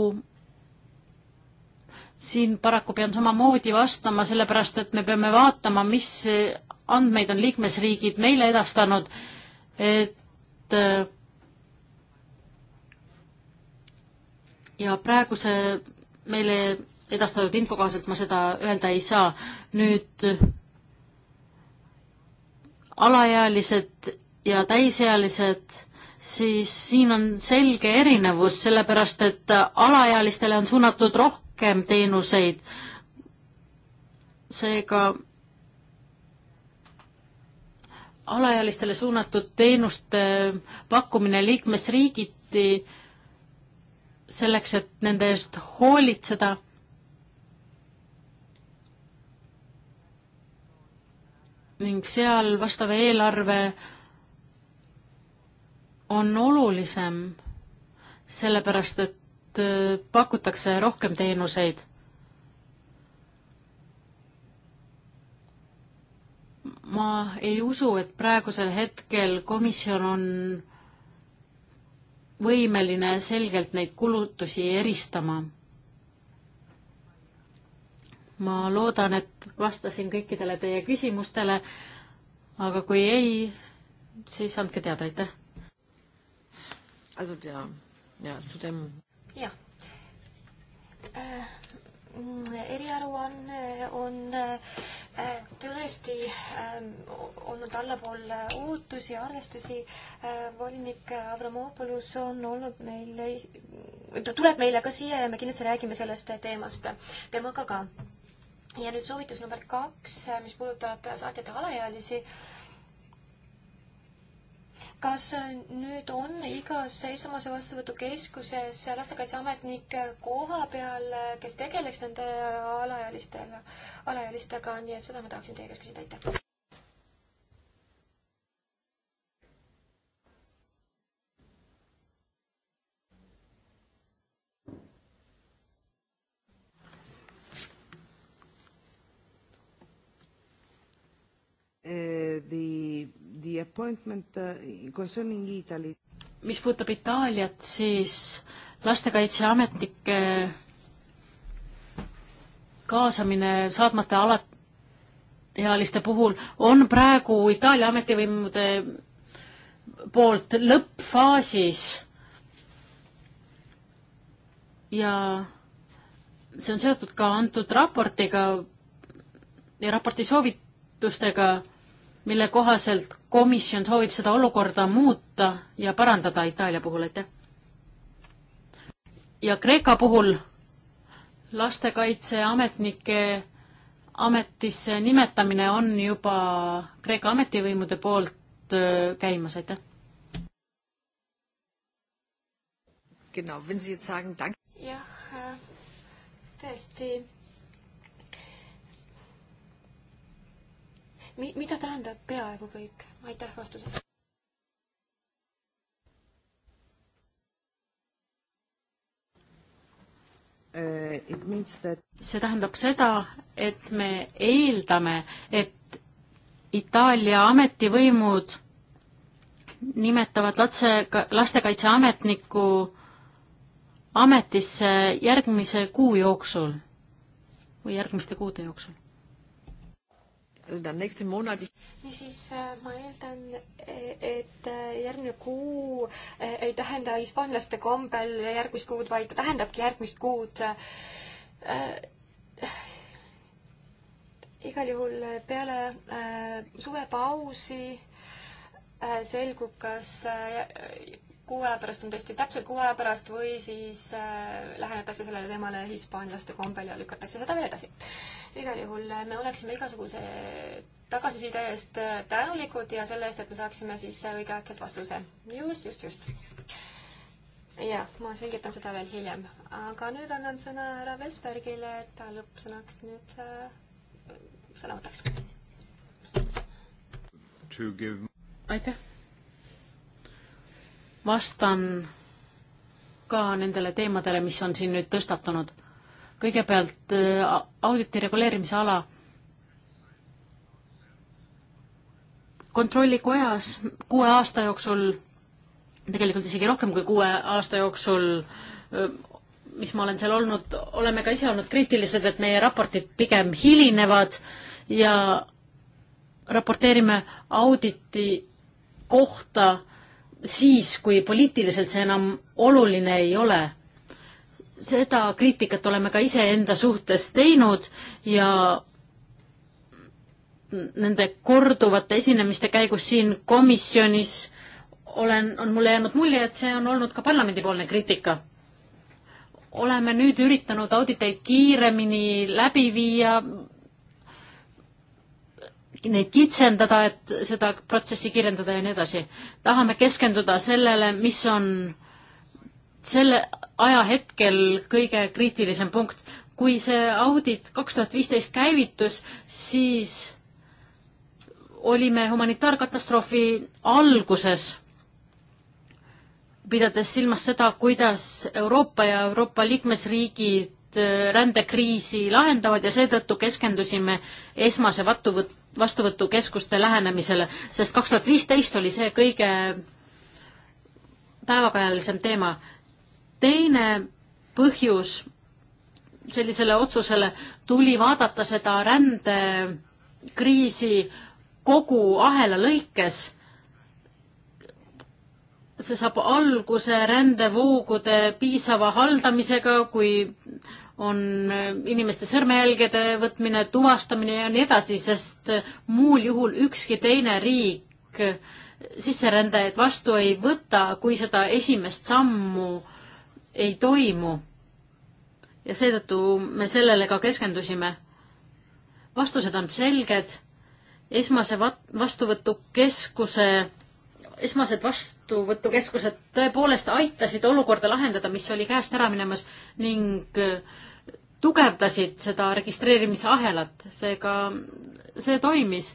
siin paraku pean samamoodi vastama, sellepärast et me peame vaatama, mis andmeid on liikmesriigid meile edastanud, et ja praeguse meile edastatud info kohaselt ma seda öelda ei saa. nüüd alaealised ja täisealised siis siin on selge erinevus, sellepärast et alaealistele on suunatud rohkem teenuseid. seega alaealistele suunatud teenuste pakkumine liikmesriigiti selleks, et nende eest hoolitseda. ning seal vastav eelarve on olulisem, sellepärast et äh, pakutakse rohkem teenuseid. ma ei usu, et praegusel hetkel komisjon on võimeline selgelt neid kulutusi eristama. ma loodan, et vastasin kõikidele teie küsimustele, aga kui ei, siis andke teada, aitäh! Also der, ja, zu dem. jah äh,. Mm, eriaruanne on, on äh, tõesti äh, olnud allapool ootusi ja arvestusi. Äh, volinik Avramopoulos on olnud meil, ta tuleb meile ka siia ja me kindlasti räägime sellest teemast temaga ka. ja nüüd soovitus number kaks, äh, mis puudutab saatjate alaealisi äh, kas nüüd on igas esmase vastuvõtukeskuses lastekaitseametnik koha peal, kes tegeleks nende alaealistega, alaealistega, nii et seda ma tahaksin teie käest küsida, aitäh. appointment uh, concerning Italy. mis puudutab Itaaliat, siis lastekaitseametnike kaasamine saatmata alaealiste puhul on praegu Itaalia ametivõimude poolt lõppfaasis ja see on seotud ka antud raportiga ja raporti soovitustega mille kohaselt komisjon soovib seda olukorda muuta ja parandada Itaalia puhul, aitäh. ja Kreeka puhul lastekaitseametnike ametisse nimetamine on juba Kreeka ametivõimude poolt käimas, aitäh. jah, tõesti mi-, mida tähendab peaaegu kõik? aitäh vastuse eest! Äh, see tähendab seda, et me eeldame, et Itaalia ametivõimud nimetavad lapse, lastekaitseametniku ametisse järgmise kuu jooksul või järgmiste kuude jooksul niisiis äh, ma eeldan, e, et äh, järgmine kuu äh, ei tähenda hispaanlaste kombel järgmist kuud, vaid ta tähendabki järgmist kuud. igal juhul peale suvepausi selgub, kas kuu aja pärast on tõesti täpselt kuu aja pärast või siis äh, lähenetakse sellele teemale hispaanlaste kombel ja lükatakse seda veel edasi. igal juhul äh, me oleksime igasuguse tagasiside eest äh, tänulikud ja selle eest, et me saaksime siis äh, õigeaegselt vastuse. just, just, just. jah, ma selgitan seda veel hiljem, aga nüüd annan sõna härra Vesbergile, et ta lõppsõnaks nüüd äh, sõna võtaks. aitäh vastan ka nendele teemadele, mis on siin nüüd tõstatunud. kõigepealt äh, auditi reguleerimise ala. kontrollikojas kuue aasta jooksul, tegelikult isegi rohkem kui kuue aasta jooksul, äh, mis ma olen seal olnud, oleme ka ise olnud kriitilised, et meie raportid pigem hilinevad ja raporteerime auditi kohta siis, kui poliitiliselt see enam oluline ei ole. seda kriitikat oleme ka iseenda suhtes teinud ja nende korduvate esinemiste käigus siin komisjonis olen, on mulle jäänud mulje, et see on olnud ka parlamendipoolne kriitika. oleme nüüd üritanud auditeid kiiremini läbi viia, neid kitsendada, et seda protsessi kirjeldada ja nii edasi. tahame keskenduda sellele, mis on selle ajahetkel kõige kriitilisem punkt. kui see audit kaks tuhat viisteist käivitus, siis olime humanitaarkatastroofi alguses, pidades silmas seda, kuidas Euroopa ja Euroopa liikmesriigid äh, rändekriisi lahendavad ja seetõttu keskendusime esmase vastuvõtt-, vastuvõtukeskuste lähenemisele, sest kaks tuhat viisteist oli see kõige päevakajalisem teema. teine põhjus sellisele otsusele tuli vaadata seda rändekriisi kogu ahela lõikes. see saab alguse rändevoogude piisava haldamisega, kui on äh, inimeste sõrmejälgede võtmine, tuvastamine ja nii edasi, sest äh, muul juhul ükski teine riik äh, sisserändajaid vastu ei võta, kui seda esimest sammu ei toimu. ja seetõttu me sellele ka keskendusime. vastused on selged, esmase vastuvõtukeskuse esmased vastuvõtukeskused tõepoolest aitasid olukorda lahendada, mis oli käest ära minemas ning äh, tugevdasid seda registreerimisahelat, seega see toimis.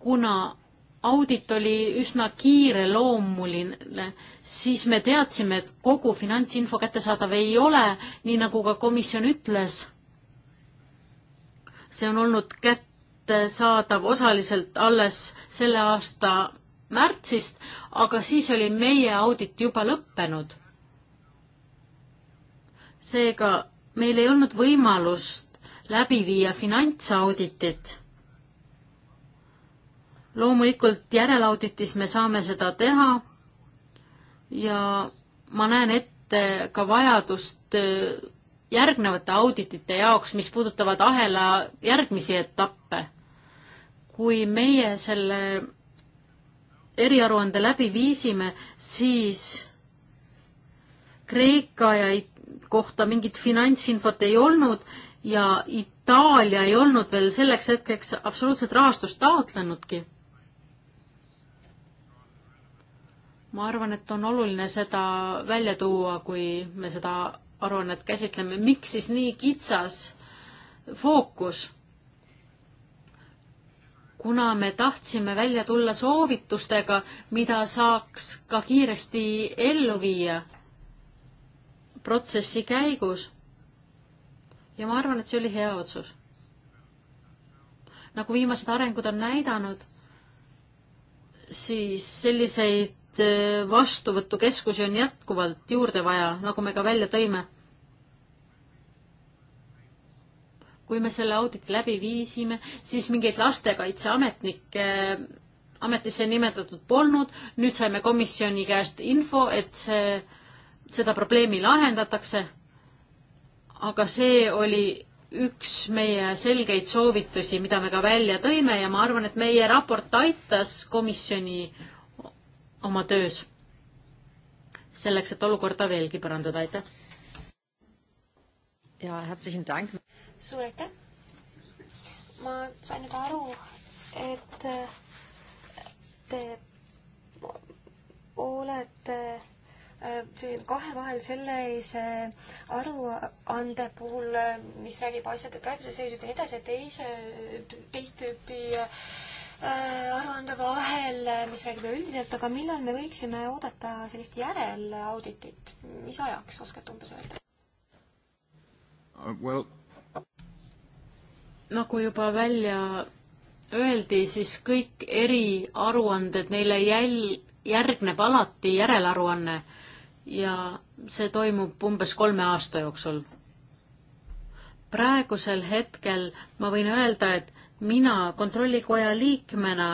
kuna audit oli üsna kiireloomuline, siis me teadsime, et kogu finantsinfo kättesaadav ei ole, nii nagu ka komisjon ütles. see on olnud kätt-, kättesaadav eh, osaliselt alles selle aasta märtsist, aga siis oli meie audit juba lõppenud. seega meil ei olnud võimalust läbi viia finantsauditit. loomulikult järelauditis me saame seda teha ja ma näen ette ka vajadust eh, järgnevate auditite jaoks, mis puudutavad ahela järgmisi etappe kui meie selle eriaruande läbi viisime, siis Kreeka ja kohta mingit finantsinfot ei olnud ja Itaalia ei olnud veel selleks hetkeks absoluutselt rahastust taotlenudki. ma arvan, et on oluline seda välja tuua, kui me seda aruannet käsitleme, miks siis nii kitsas fookus kuna me tahtsime välja tulla soovitustega, mida saaks ka kiiresti ellu viia protsessi käigus. ja ma arvan, et see oli hea otsus. nagu viimased arengud on näidanud, siis selliseid eh, vastuvõtukeskusi on jätkuvalt juurde vaja, nagu me ka välja tõime kui me selle auditi läbi viisime, siis mingeid lastekaitseametnikke äh, ametisse nimetatud polnud, nüüd saime komisjoni käest info, et see, seda probleemi lahendatakse. aga see oli üks meie selgeid soovitusi, mida me ka välja tõime ja ma arvan, et meie raport aitas komisjoni oma töös. selleks, et olukorda veelgi parandada, aitäh. ja herzlichen Dank suur aitäh! ma sain nüüd aru, et äh, te olete äh, selline kahevahel sellise aruande puhul, äh, mis räägib asjade praegusest seisust ja nii edasi, ja teise, teist tüüpi aruande vahel, mis räägib üldiselt, aga millal me võiksime oodata sellist järelauditit, mis ajaks oskate umbes öelda uh,? Well nagu juba välja öeldi, siis kõik eriaruanded, neile jäl-, järgneb alati järelaruanne ja see toimub umbes kolme aasta jooksul. praegusel hetkel ma võin öelda, et mina kontrollikoja liikmena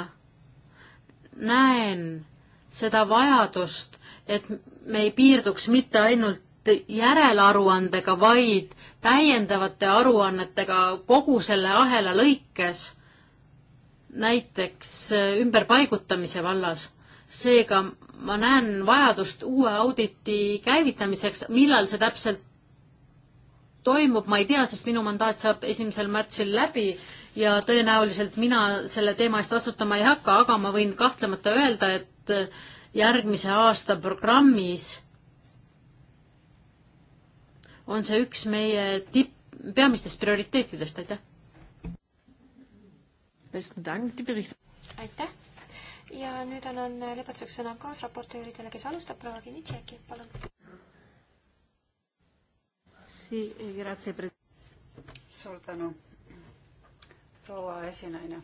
näen seda vajadust, et me ei piirduks mitte ainult järelaruandega, vaid täiendavate aruannetega kogu selle ahela lõikes, näiteks äh, ümberpaigutamise vallas. seega ma näen vajadust uue auditi käivitamiseks, millal see täpselt toimub, ma ei tea, sest minu mandaat saab esimesel märtsil läbi ja tõenäoliselt mina selle teema eest vastutama ei hakka, aga ma võin kahtlemata öelda, et äh, järgmise aasta programmis on see üks meie tipp, peamistest prioriteetidest, aitäh. aitäh ja nüüd annan lõpetuseks sõna kaasraportööridele, kes alustab, proua Kinitšeki, palun. Eh, suur tänu, proua esinaine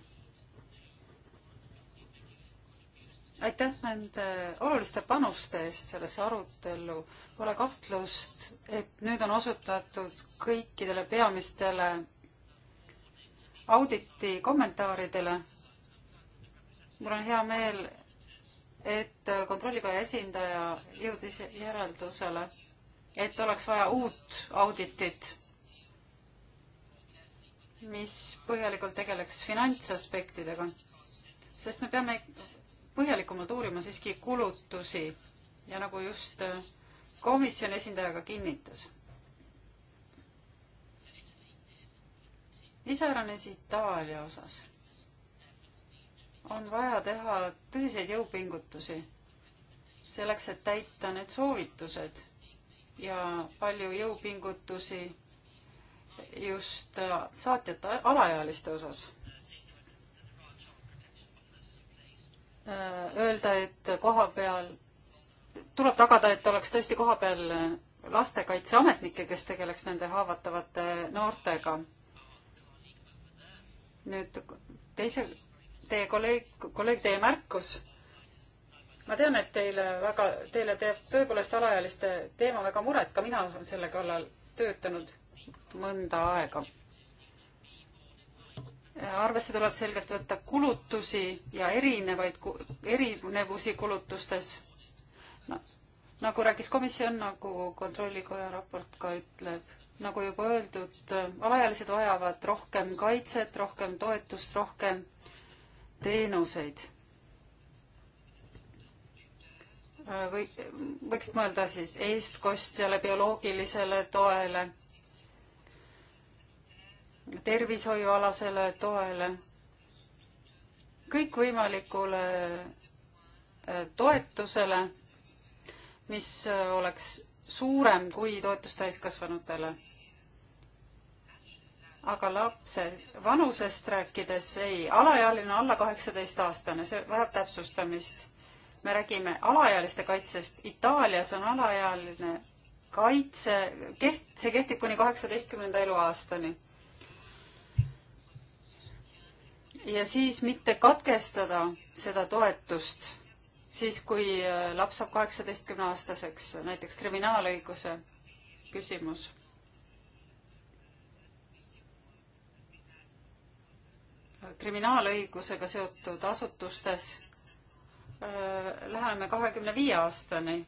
aitäh nende oluliste panuste eest sellesse arutellu. Pole kahtlust, et nüüd on osutatud kõikidele peamistele auditi kommentaaridele. mul on hea meel, et kontrollikoja esindaja jõudis järeldusele, et oleks vaja uut auditit, mis põhjalikult tegeleks finantsaspektidega, sest me peame põhjalikumalt uurima siiski kulutusi ja nagu just äh, komisjoni esindaja ka kinnitas. iseäranis Itaalia osas on vaja teha tõsiseid jõupingutusi selleks, et täita need soovitused ja palju jõupingutusi just äh, saatjate alaealiste osas Äh, öelda, et koha peal, tuleb tagada, et oleks tõesti koha peal lastekaitseametnikke, kes tegeleks nende haavatavate noortega. nüüd teise, teie kolleeg, kolleeg, teie märkus. ma tean, et teile väga, teile teeb tõepoolest alaealiste teema väga muret, ka mina olen selle kallal töötanud mõnda aega arvesse tuleb selgelt võtta kulutusi ja erinevaid, erinevusi kulutustes no,. nagu rääkis komisjon, nagu Kontrollikoja raport ka ütleb, nagu juba öeldud, alaealised vajavad rohkem kaitset, rohkem toetust, rohkem teenuseid. või võiks mõelda siis eestkostjale, bioloogilisele toele tervishoiualasele toele, kõikvõimalikule äh, toetusele, mis äh, oleks suurem kui toetus täiskasvanutele. aga lapse vanusest rääkides ei, alaealine alla kaheksateist aastane, see vajab täpsustamist. me räägime alaealiste kaitsest, Itaalias on alaealine kaitse, keht-, see kehtib kuni kaheksateistkümnenda eluaastani ja siis mitte katkestada seda toetust siis, kui äh, laps saab kaheksateistkümne aastaseks, näiteks kriminaalõiguse küsimus. kriminaalõigusega seotud asutustes äh, läheme kahekümne viie aastani.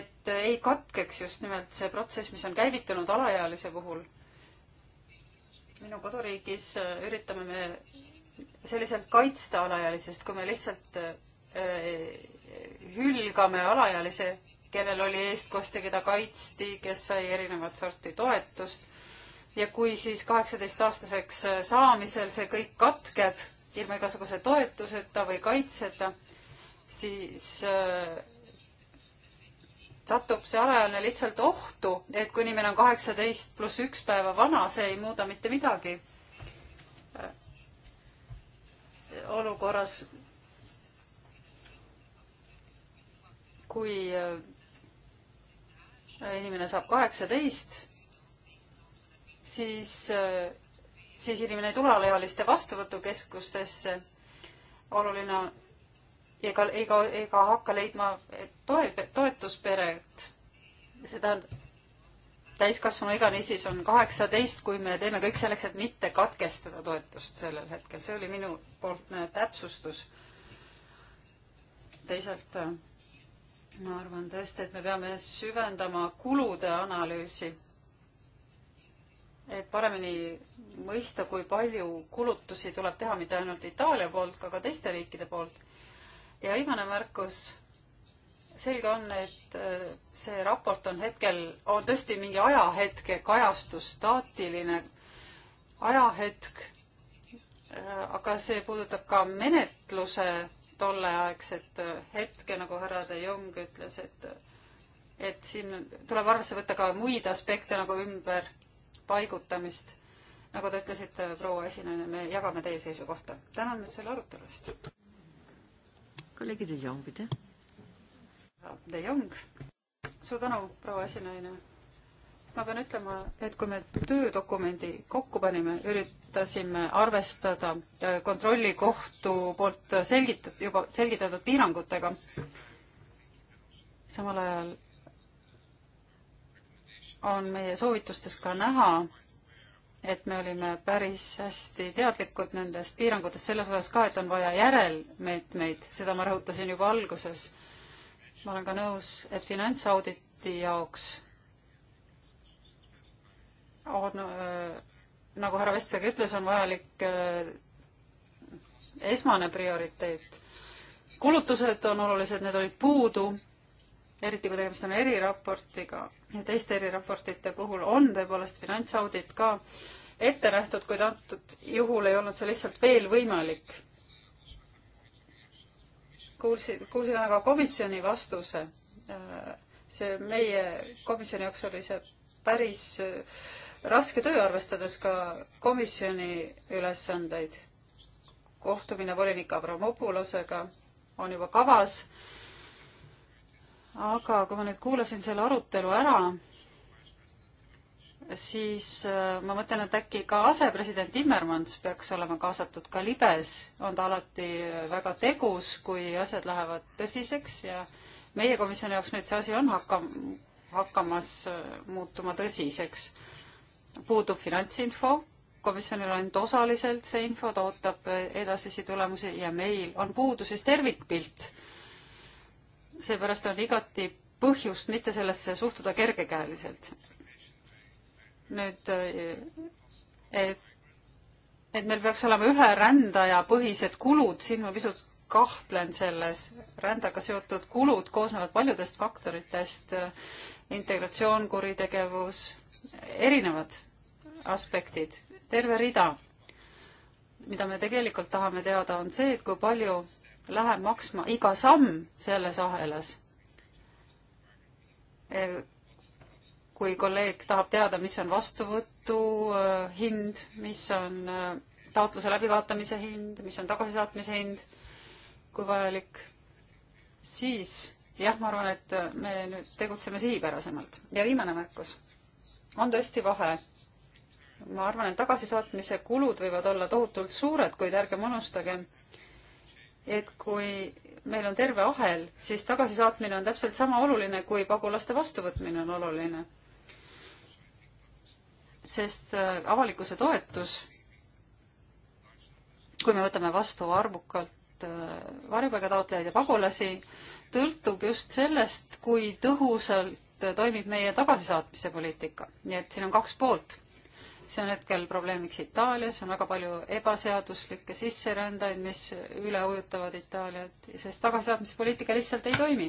et ei katkeks just nimelt see protsess, mis on käivitunud alaealise puhul minu koduriigis äh, üritame me selliselt kaitsta alaealisi, sest kui me lihtsalt äh, hülgame alaealise, kellel oli eestkoste, keda kaitsti, kes sai erinevat sorti toetust ja kui siis kaheksateistaastaseks äh, saamisel see kõik katkeb ilma igasuguse toetuseta või kaitseta, siis satub see alaealine lihtsalt ohtu, et kui inimene on kaheksateist pluss üks päeva vana, see ei muuda mitte midagi. olukorras, kui äh, inimene saab kaheksateist, siis, äh, siis inimene ei tule alaealiste vastuvõtukeskustesse. oluline on ega, ega, ega hakka leidma toe, toetusperet. see tähendab, täiskasvanuiga niisiis on kaheksateist, kui me teeme kõik selleks, et mitte katkestada toetust sellel hetkel. see oli minu poolt äh, täpsustus. teisalt äh, ma arvan tõesti, et me peame süvendama kulude analüüsi. et paremini mõista, kui palju kulutusi tuleb teha mitte ainult Itaalia poolt, aga ka teiste riikide poolt ja viimane märkus, selge on, et äh, see raport on hetkel, on tõesti mingi ajahetke kajastus, staatiline ajahetk, äh, aga see puudutab ka menetluse tolleaegset äh, hetke, nagu härra De Jong ütles, et et siin tuleb arvesse võtta ka muid aspekte nagu ümberpaigutamist. nagu te ütlesite, proua esinaine, me jagame teie seisukohta. tänan nüüd selle arutelu eest kolleeg De Jong, bitte. De Jong, suur tänu, proua esinaine. ma pean ütlema, et kui me töödokumendi kokku panime, üritasime arvestada äh, kontrollikohtu poolt selgitat-, juba selgitatud piirangutega, samal ajal on meie soovitustes ka näha, et me olime päris hästi teadlikud nendest piirangutest selles osas ka, et on vaja järelmeetmeid, seda ma rõhutasin juba alguses. ma olen ka nõus, et finantsauditi jaoks on äh,, nagu härra Vestberg ütles, on vajalik äh, esmane prioriteet. kulutused on olulised, need olid puudu eriti kui tegemist on eriraportiga ja teiste eriraportite puhul on tõepoolest finantsaudit ka ette nähtud, kuid antud juhul ei olnud see lihtsalt veel võimalik. kuulsin, kuulsin aga komisjoni vastuse. see meie komisjoni jaoks oli see päris äh, raske töö, arvestades ka komisjoni ülesandeid. kohtumine volinik Avramopulosega on juba kavas aga kui ma nüüd kuulasin selle arutelu ära, siis äh, ma mõtlen, et äkki ka asepresident Timmermans peaks olema kaasatud, ka libes on ta alati väga tegus, kui asjad lähevad tõsiseks ja meie komisjoni jaoks nüüd see asi on hakkam-, hakkamas äh, muutuma tõsiseks. puudub finantsinfo, komisjonil ainult osaliselt see info, ta ootab äh, edasisi tulemusi ja meil on puudu siis tervikpilt seepärast on igati põhjust mitte sellesse suhtuda kergekäeliselt. nüüd, eh, et, et meil peaks olema ühe rändaja põhised kulud, siin ma pisut kahtlen selles. rändaga seotud kulud koosnevad paljudest faktoritest, integratsioon, kuritegevus, erinevad aspektid, terve rida. mida me tegelikult tahame teada, on see, et kui palju läheb maksma iga samm selles ahelas. E, kui kolleeg tahab teada, mis on vastuvõtu e, hind, mis on e, taotluse läbivaatamise hind, mis on tagasisaatmise hind, kui vajalik, siis jah, ma arvan, et me nüüd tegutseme sihipärasemalt. ja viimane märkus. on tõesti vahe. ma arvan, et tagasisaatmise kulud võivad olla tohutult suured, kuid ärgem unustagem, et kui meil on terve ahel, siis tagasisaatmine on täpselt sama oluline, kui pagulaste vastuvõtmine on oluline. sest äh, avalikkuse toetus, kui me võtame vastu arvukalt äh, varjupaigataotlejaid ja pagulasi, tõltub just sellest, kui tõhusalt äh, toimib meie tagasisaatmise poliitika. nii et siin on kaks poolt see on hetkel probleemiks Itaalias, on väga palju ebaseaduslikke sisserändajaid, mis üle ujutavad Itaaliat, sest tagasisaatmispoliitika lihtsalt ei toimi.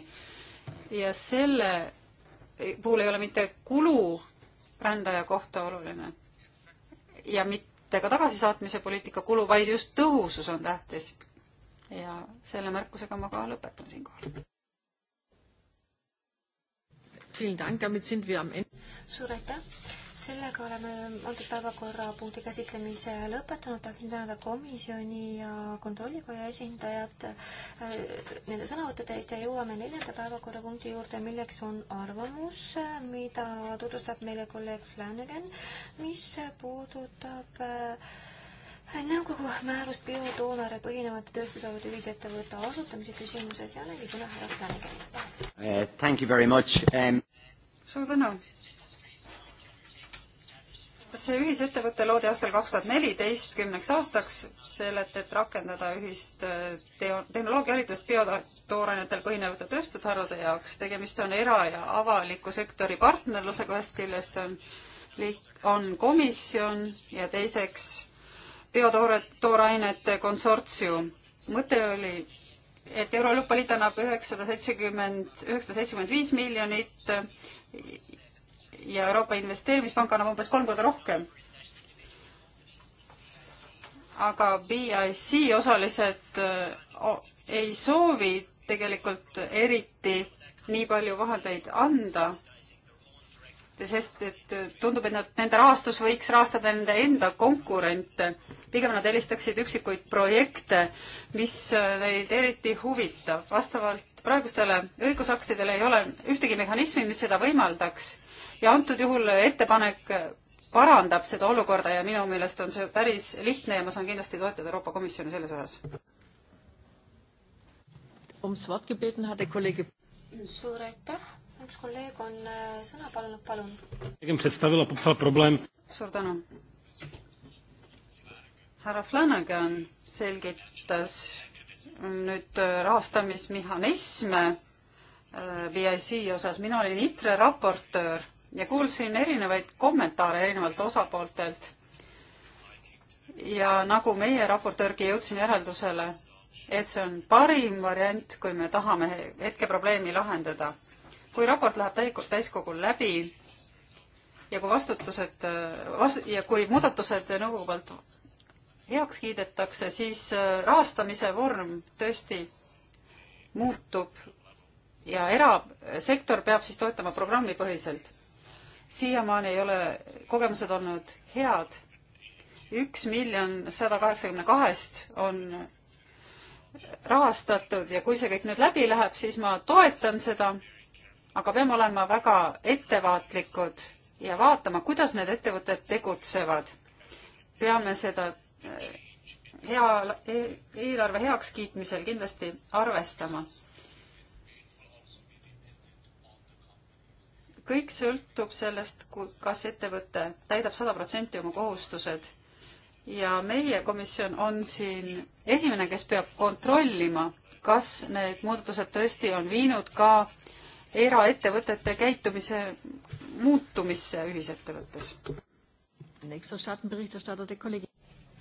ja selle puhul ei ole mitte kulu rändaja kohta oluline ja mitte ka tagasisaatmise poliitika kulu, vaid just tõhusus on tähtis. ja selle märkusega ma ka lõpetan siinkohal. suur aitäh! sellega oleme antud päevakorrapunkti käsitlemise lõpetanud, tahaksin tänada komisjoni ja kontrollikoja esindajat äh, nende sõnavõttude eest ja jõuame neljanda päevakorrapunkti juurde, milleks on arvamus, mida tutvustab meile kolleeg Flanagan, mis puudutab äh, nõukogu määrust biodoonore põhinevate tööstusalade ühisettevõtte asutamise küsimuses ja neile sõna härra Flanagan. Uh, thank you very much um.... suur tänu see ühisettevõte loodi aastal kaks tuhat neliteist kümneks aastaks, sellelt, et rakendada ühist äh, teo-, tehnoloogiaharidust biotoorainetel põhinevate tööstusharude jaoks. tegemist on era- ja avaliku sektori partnerlusega, ühest küljest on liik-, on komisjon ja teiseks biotoore, toorainete konsortsium. mõte oli, et Euroopa Liit annab üheksasada seitsekümmend, üheksasada seitsekümmend viis miljonit ja Euroopa Investeerimispank annab umbes kolm korda rohkem. aga BIC osalised äh, ei soovi tegelikult eriti nii palju vahendeid anda, sest et tundub, et nad, nende rahastus võiks rahastada nende enda konkurente. pigem nad helistaksid üksikuid projekte, mis äh, neid eriti huvitab. vastavalt praegustele õigusaktidele ei ole ühtegi mehhanismi, mis seda võimaldaks ja antud juhul ettepanek parandab seda olukorda ja minu meelest on see päris lihtne ja ma saan kindlasti toetada Euroopa Komisjoni selles osas. suur aitäh, üks kolleeg on äh, sõna palunud, palun. suur tänu. härra Flanagan selgitas nüüd äh, rahastamismehhanisme äh, BIC osas, mina olin ITRE raportöör ja kuulsin erinevaid kommentaare erinevalt osapooltelt. ja nagu meie raportöörgi jõudsin järeldusele, et see on parim variant, kui me tahame hetkeprobleemi lahendada. kui raport läheb täiskogul läbi ja kui vastutused vast, ja kui muudatused nõukogu poolt heaks kiidetakse, siis äh, rahastamise vorm tõesti muutub ja erasektor peab siis toetama programmipõhiselt siiamaani ei ole kogemused olnud head. üks miljon sada kaheksakümne kahest on rahastatud ja kui see kõik nüüd läbi läheb, siis ma toetan seda, aga peame olema väga ettevaatlikud ja vaatama, kuidas need ettevõtted tegutsevad. peame seda eh, hea, e-, eelarve heakskiitmisel kindlasti arvestama kõik sõltub sellest, kas ettevõte täidab sada protsenti oma kohustused. ja meie komisjon on siin esimene, kes peab kontrollima, kas need muudatused tõesti on viinud ka eraettevõtete käitumise muutumisse ühisettevõttes.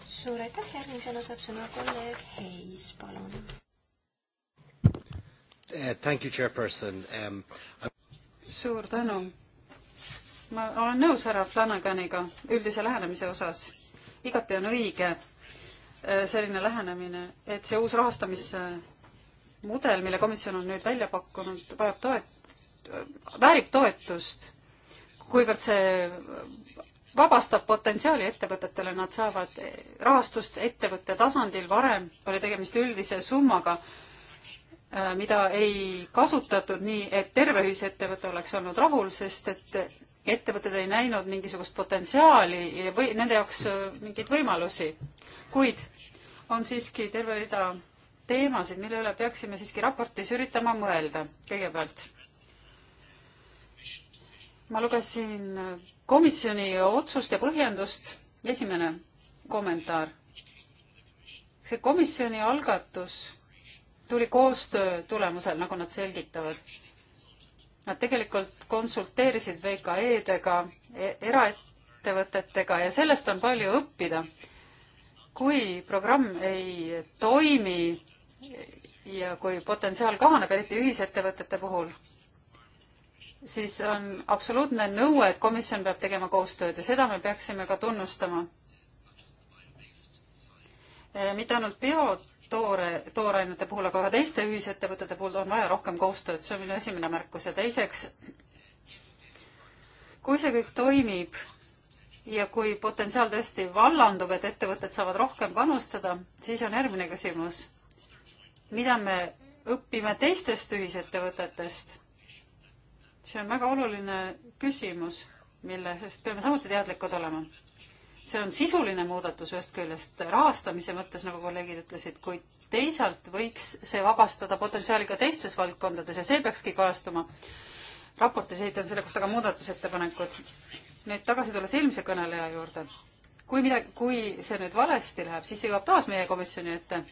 suur aitäh, järgmisena saab sõna kolleeg Heis, palun. Uh, thank you, Chairperson. Um, I'm suur tänu. ma olen nõus härra Flanaganiga üldise lähenemise osas. igati on õige äh, selline lähenemine, et see uus rahastamismudel, mille komisjon on nüüd välja pakkunud, vajab toet-, väärib toetust, kuivõrd see vabastab potentsiaali ettevõtetele, nad saavad rahastust ettevõtte tasandil, varem oli tegemist üldise summaga Äh, mida ei kasutatud nii, et terve ühisettevõte oleks olnud rahul, sest et ettevõtted ei näinud mingisugust potentsiaali või nende jaoks äh, mingeid võimalusi. kuid on siiski terve rida teemasid, mille üle peaksime siiski raportis üritama mõelda kõigepealt. ma lugesin komisjoni otsust ja põhjendust, esimene kommentaar. see komisjoni algatus tuli koostöö tulemusel, nagu nad selgitavad. Nad tegelikult konsulteerisid VKE-dega, e-, eraettevõtetega ja sellest on palju õppida. kui programm ei toimi ja kui potentsiaal kahaneb, eriti ühisettevõtete puhul, siis on absoluutne nõue, et komisjon peab tegema koostööd ja seda me peaksime ka tunnustama mitte ainult bio toore, toorainete puhul, aga ka teiste ühisettevõtete puhul on vaja rohkem koostööd, see on minu esimene märkus ja teiseks, kui see kõik toimib ja kui potentsiaal tõesti vallandub, et ettevõtted saavad rohkem panustada, siis on järgmine küsimus, mida me õpime teistest ühisettevõtetest? see on väga oluline küsimus, mille, sest peame samuti teadlikud olema see on sisuline muudatus ühest küljest rahastamise mõttes, nagu kolleegid ütlesid, kuid teisalt võiks see vabastada potentsiaali ka teistes valdkondades ja see peakski kajastuma. raportis esitan selle kohta ka muudatusettepanekud. nüüd tagasi tulles eelmise kõneleja juurde. kui midagi, kui see nüüd valesti läheb, siis see jõuab taas meie komisjoni ette.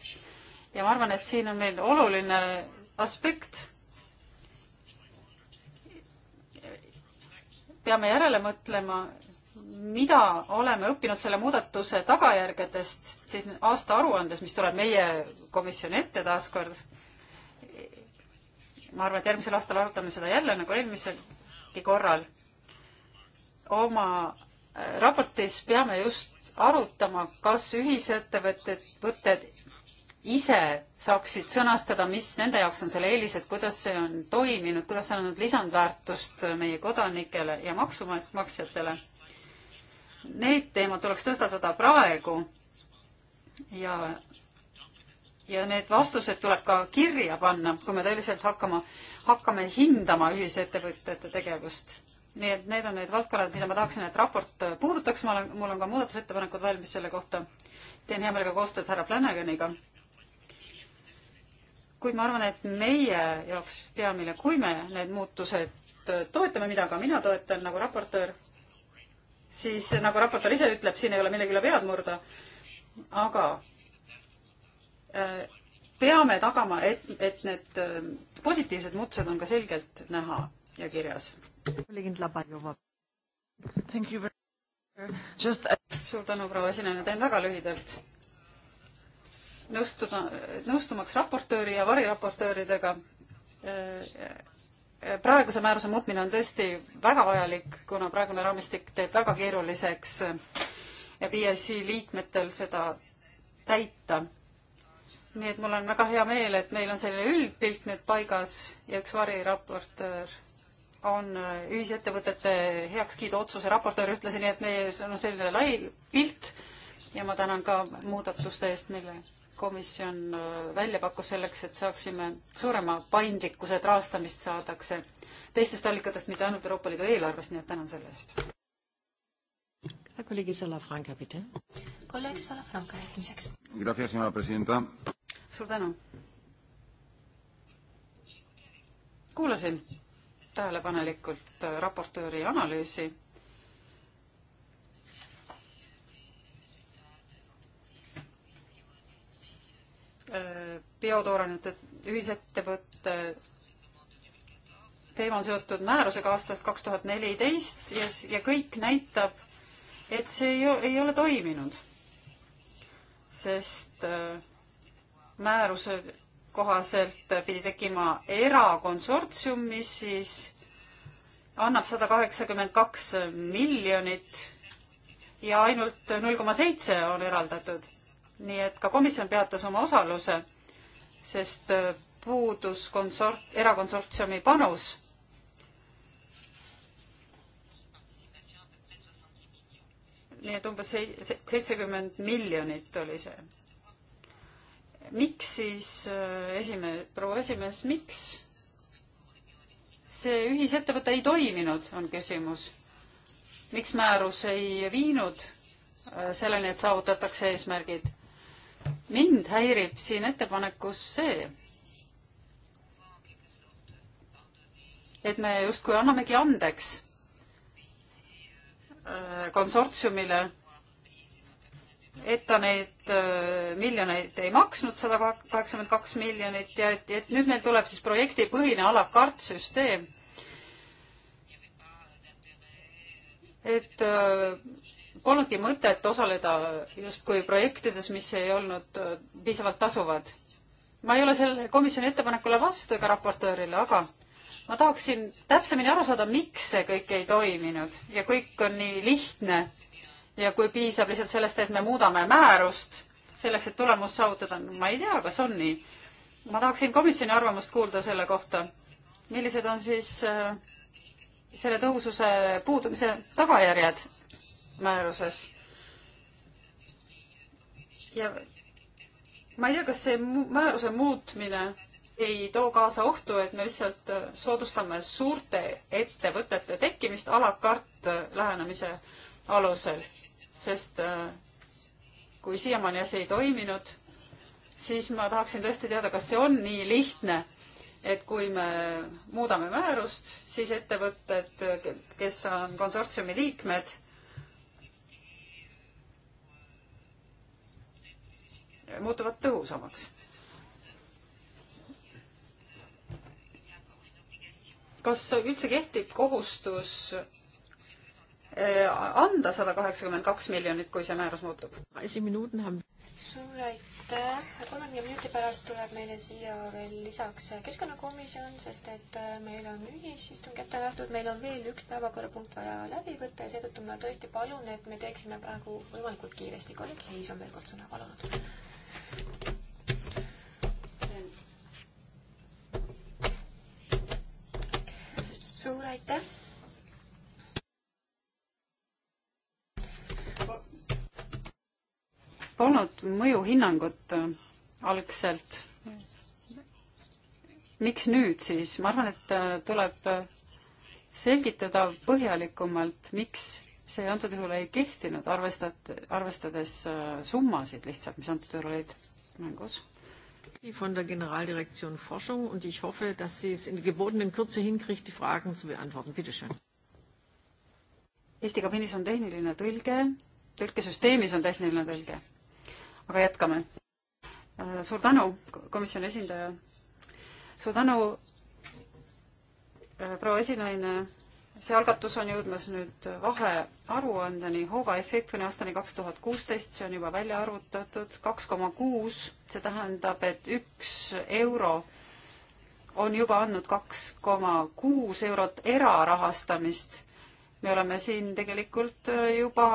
ja ma arvan, et siin on meil oluline aspekt peame järele mõtlema mida oleme õppinud selle muudatuse tagajärgedest siis aastaaruandes, mis tuleb meie komisjoni ette taaskord. ma arvan, et järgmisel aastal arutame seda jälle nagu eelmiselgi korral. oma äh, raportis peame just arutama, kas ühisettevõtted, võtted ise saaksid sõnastada, mis nende jaoks on selle eelised, kuidas see on toiminud, kuidas see on andnud lisandväärtust meie kodanikele ja maksumaksjatele need teemad tuleks tõstatada praegu ja, ja need vastused tuleb ka kirja panna, kui me tõeliselt hakkama, hakkame hindama ühisettevõtjate tegevust. nii et need on need valdkonnad, mida ma tahaksin, et raport puudutaks, ma olen, mul on ka muudatusettepanekud valmis selle kohta. teen hea meelega koostööd härra Flanaganiga kuid ma arvan, et meie jaoks peamine, kui me need muutused toetame, mida ka mina toetan nagu raportöör, siis nagu raportöör ise ütleb, siin ei ole millegi üle pead murda, aga äh, peame tagama, et, et need äh, positiivsed mutsed on ka selgelt näha ja kirjas. Just... Uh, suur tänu, proua esineja, teen väga lühidalt. nõustuda, nõustumaks raportööri ja variraportööridega äh, praeguse määruse muutmine on tõesti väga vajalik, kuna praegune raamistik teeb väga keeruliseks BSI liikmetel seda täita. nii et mul on väga hea meel, et meil on selline üldpilt nüüd paigas ja üks variraportöör on äh, ühisettevõtete heakskiidu otsuse raportöör ütles, nii et meie ees on selline lai pilt ja ma tänan ka muudatuste eest, mille komisjon äh, välja pakkus selleks, et saaksime suurema paindlikkuse, et rahastamist saadakse teistest allikatest, mitte ainult Euroopa Liidu eelarvest, nii et tänan selle eest. kolleeg Salafranca, pidi. kolleeg Salafranca järgmiseks. suur tänu. kuulasin tähelepanelikult äh, raportööri analüüsi biotoorainete ühisettevõtte teema on seotud määrusega aastast kaks tuhat neliteist ja, ja kõik näitab, et see ei, ei ole toiminud. sest äh, määruse kohaselt pidi tekkima erakonsortsium, mis siis annab sada kaheksakümmend kaks miljonit ja ainult null koma seitse on eraldatud nii et ka komisjon peatas oma osaluse, sest äh, puudus konsort-, erakonsortsiumi panus. nii et umbes seitsekümmend miljonit oli see. miks siis äh, esime-, proua esimees, miks see ühisettevõte ei toiminud, on küsimus. miks määrus ei viinud äh, selleni, et saavutatakse eesmärgid? mind häirib siin ettepanekus see, et me justkui annamegi andeks äh, konsortsiumile, et ta neid äh, miljoneid ei maksnud, sada kaheksakümmend kaks miljonit ja et, et nüüd meil tuleb siis projektipõhine a la carte süsteem. et äh, polnudki mõtet osaleda justkui projektides, mis ei olnud äh, piisavalt tasuvad. ma ei ole sellele komisjoni ettepanekule vastu ega raportöörile, aga ma tahaksin täpsemini aru saada, miks see kõik ei toiminud ja kõik on nii lihtne. ja kui piisab lihtsalt sellest, et me muudame määrust selleks, et tulemust saavutada, ma ei tea, kas on nii. ma tahaksin komisjoni arvamust kuulda selle kohta. millised on siis äh, selle tõhususe puudumise tagajärjed? määruses. ja ma ei tea, kas see määruse muutmine ei too kaasa ohtu, et me lihtsalt äh, soodustame suurte ettevõtete tekkimist a la carte äh, lähenemise alusel, sest äh, kui siiamaani asi ei toiminud, siis ma tahaksin tõesti teada, kas see on nii lihtne, et kui me muudame määrust, siis ettevõtted, kes on konsortsiumi liikmed, muutuvad tõhusamaks. kas üldse kehtib kohustus eh, anda sada kaheksakümmend kaks miljonit, kui see määrus muutub? suur aitäh, kolmekümne minuti pärast tuleb meile siia veel lisaks keskkonnakomisjon, sest et eh, meil on ühisistung ette nähtud, meil on veel üks päevakorrapunkt vaja läbi võtta ja seetõttu ma tõesti palun, et me teeksime praegu võimalikult kiiresti. kolleeg Heis on veel kord sõna palunud suur aitäh. polnud mõjuhinnangut äh, algselt. miks nüüd siis? ma arvan, et äh, tuleb äh, selgitada põhjalikumalt, miks see antud juhul ei kehtinud, arvestat-, arvestades äh, summasid lihtsalt, mis antud juhul olid mängus. Von der Generaldirektion Forschung und ich hoffe, dass sie es in gebotenen Kürze hinkriegt, die Fragen zu beantworten. Bitte schön. Eesti kabinis on tehniline tõlge, tõlkesüsteemis on tehniline tõlge. aga jätkame. Äh, suur tänu, komisjoni esindaja. suur tänu, äh, proua esinaine see algatus on jõudmas nüüd vahearuandeni hooga efekt kuni aastani kaks tuhat kuusteist, see on juba välja arvutatud, kaks koma kuus, see tähendab, et üks euro on juba andnud kaks koma kuus eurot erarahastamist. me oleme siin tegelikult juba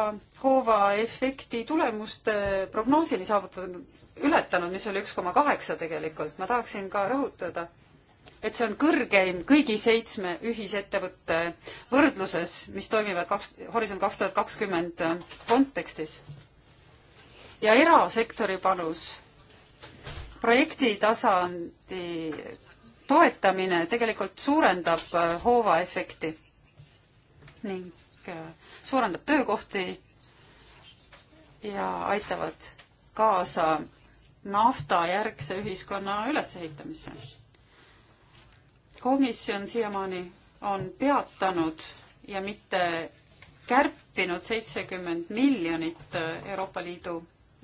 hoova efekti tulemuste prognoosini saavutanud, ületanud, mis oli üks koma kaheksa tegelikult, ma tahaksin ka rõhutada et see on kõrgeim kõigi seitsme ühisettevõtte võrdluses, mis toimivad kaks, Horisont kaks tuhat kakskümmend äh, kontekstis. ja erasektori panus, projekti tasandi toetamine tegelikult suurendab äh, hoovaefekti ning äh, suurendab töökohti ja aitavad kaasa naftajärgse ühiskonna ülesehitamisse komisjon siiamaani on peatanud ja mitte kärpinud seitsekümmend miljonit äh, Euroopa Liidu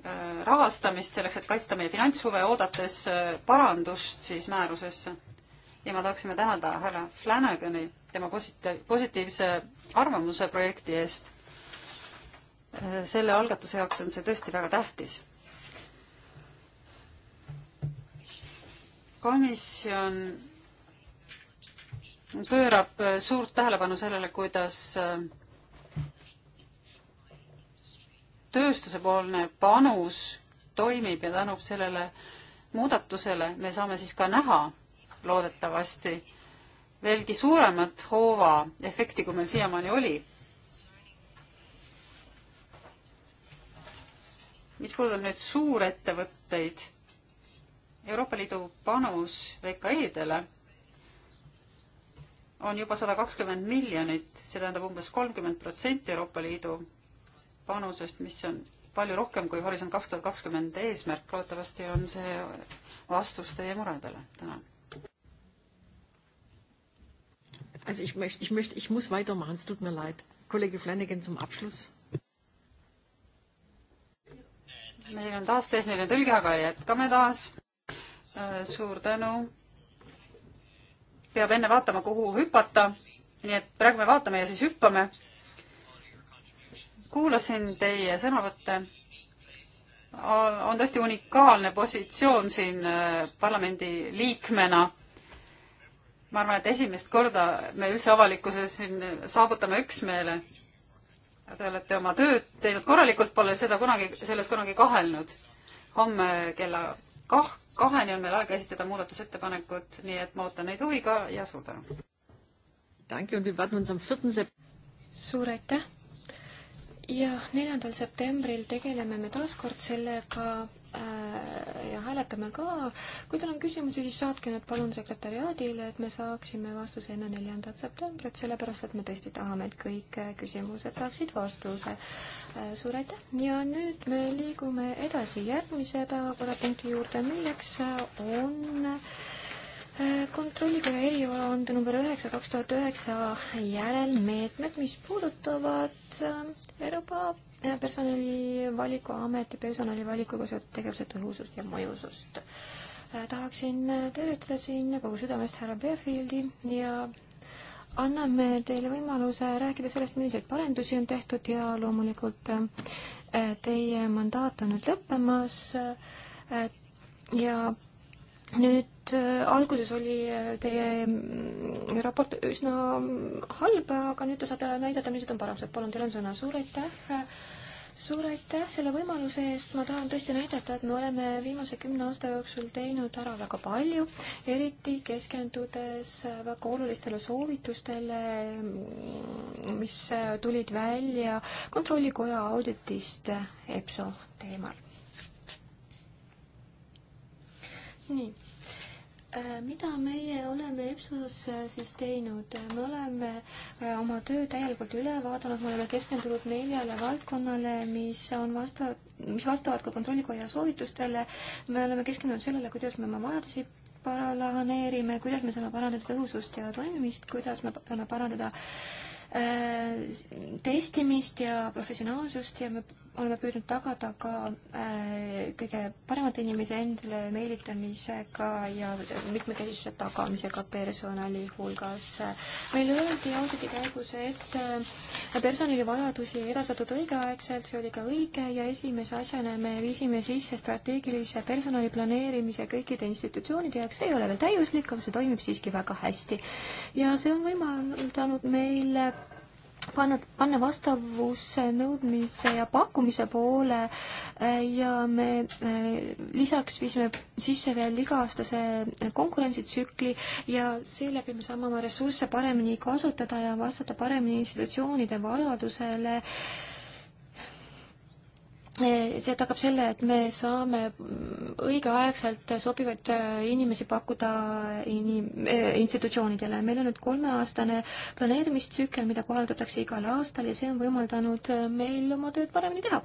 äh, rahastamist selleks, et kaitsta meie finantshuve, oodates äh, parandust siis määrusesse. ja me tahaksime tänada härra Flanagani tema positi-, positiivse arvamuse projekti eest. selle algatuse jaoks on see tõesti väga tähtis komisjon pöörab suurt tähelepanu sellele, kuidas äh, tööstusepoolne panus toimib ja tänu sellele muudatusele me saame siis ka näha loodetavasti veelgi suuremat hoova efekti, kui meil siiamaani oli. mis puudutab nüüd suurettevõtteid, Euroopa Liidu panus VKE-dele on juba sada kakskümmend miljonit, see tähendab umbes kolmkümmend protsenti Euroopa Liidu panusest, mis on palju rohkem kui Horisont kaks tuhat kakskümmend eesmärk, loodetavasti on see vastus teie muredele, tänan. Also ich möchte, ich möchte, ich muss weitermachen, es tut mir leid. Kollege Flanagan zum Abschluss. meil on taas tehniline tõlge, aga jätkame taas. Äh, suur tänu peab enne vaatama, kuhu hüpata. nii et praegu me vaatame ja siis hüppame. kuulasin teie sõnavõtte. on tõesti unikaalne positsioon siin äh, parlamendi liikmena. ma arvan, et esimest korda me üldse avalikkuses siin saavutame üksmeele. Te olete oma tööd teinud korralikult, pole seda kunagi, selles kunagi kahelnud. homme kella kah-, kaheni on meil aega esitada muudatusettepanekud, nii et ma ootan neid huviga ja suur tänu! suur aitäh! ja neljandal septembril tegeleme me taas kord sellega Äh, ja hääletame ka. kui teil on küsimusi, siis saatke need palun sekretäriaadile, et me saaksime vastuse enne neljandat septembrit, sellepärast et me tõesti tahame, et kõik äh, küsimused saaksid vastuse. Äh, suur aitäh ja nüüd me liigume edasi järgmise päevakorrapunkti juurde, milleks on kontrollikoja eriaruande number üheksa kaks tuhat üheksa järelmeetmed, mis puudutavad Euroopa personalivaliku, ameti personalivalikuga seotud tegevuse tõhusust ja mõjusust. Äh, tahaksin äh, tervitada siin kogu südamest härra Bearfieldi ja anname teile võimaluse rääkida sellest, milliseid parendusi on tehtud ja loomulikult äh, teie mandaat on nüüd lõppemas ja nüüd äh, alguses oli äh, teie mm, raport üsna halb, aga nüüd te saate näidata, millised on paremad. palun, teil on sõna. suur aitäh äh, suur aitäh selle võimaluse eest, ma tahan tõesti näidata, et me oleme viimase kümne aasta jooksul teinud ära väga palju, eriti keskendudes väga olulistele soovitustele, mm, mis tulid välja Kontrollikoja auditist EPSO teemal nii, äh, mida meie oleme EPSO-s äh, siis teinud? Äh, me oleme oma töö täielikult üle vaadanud, me oleme keskendunud neljale valdkonnale, mis on vasta-, mis vastavad ka Kontrollikoja soovitustele. me oleme keskendunud sellele, kuidas me oma vajadusi planeerime, kuidas me saame parandada tõhusust ja toimimist, kuidas me saame parandada testimist ja professionaalsust ja me oleme püüdnud tagada ka äh, kõige paremate inimese endale meelitamisega ja mitmekesisuse tagamisega personali hulgas. meile öeldi auditi käigus, et äh, personalivajadusi ei edastatud õigeaegselt, see oli ka õige ja esimese asjana me viisime sisse strateegilise personali planeerimise kõikide institutsioonide jaoks, see ei ole veel täiuslik, aga see toimib siiski väga hästi. ja see on võimaldanud meil pannud, panna vastavusse nõudmise ja pakkumise poole eh, ja me eh, lisaks viisime sisse veel iga-aastase konkurentsitsükli ja seeläbi me saame oma ressursse paremini kasutada ja vastata paremini institutsioonide vajadusele äh, see tagab selle, et me saame õigeaegselt sobivaid äh, inimesi pakkuda inim-, äh, institutsioonidele. meil on nüüd kolmeaastane planeerimistsükkel, mida kohaldatakse igal aastal ja see on võimaldanud äh, meil oma tööd paremini teha.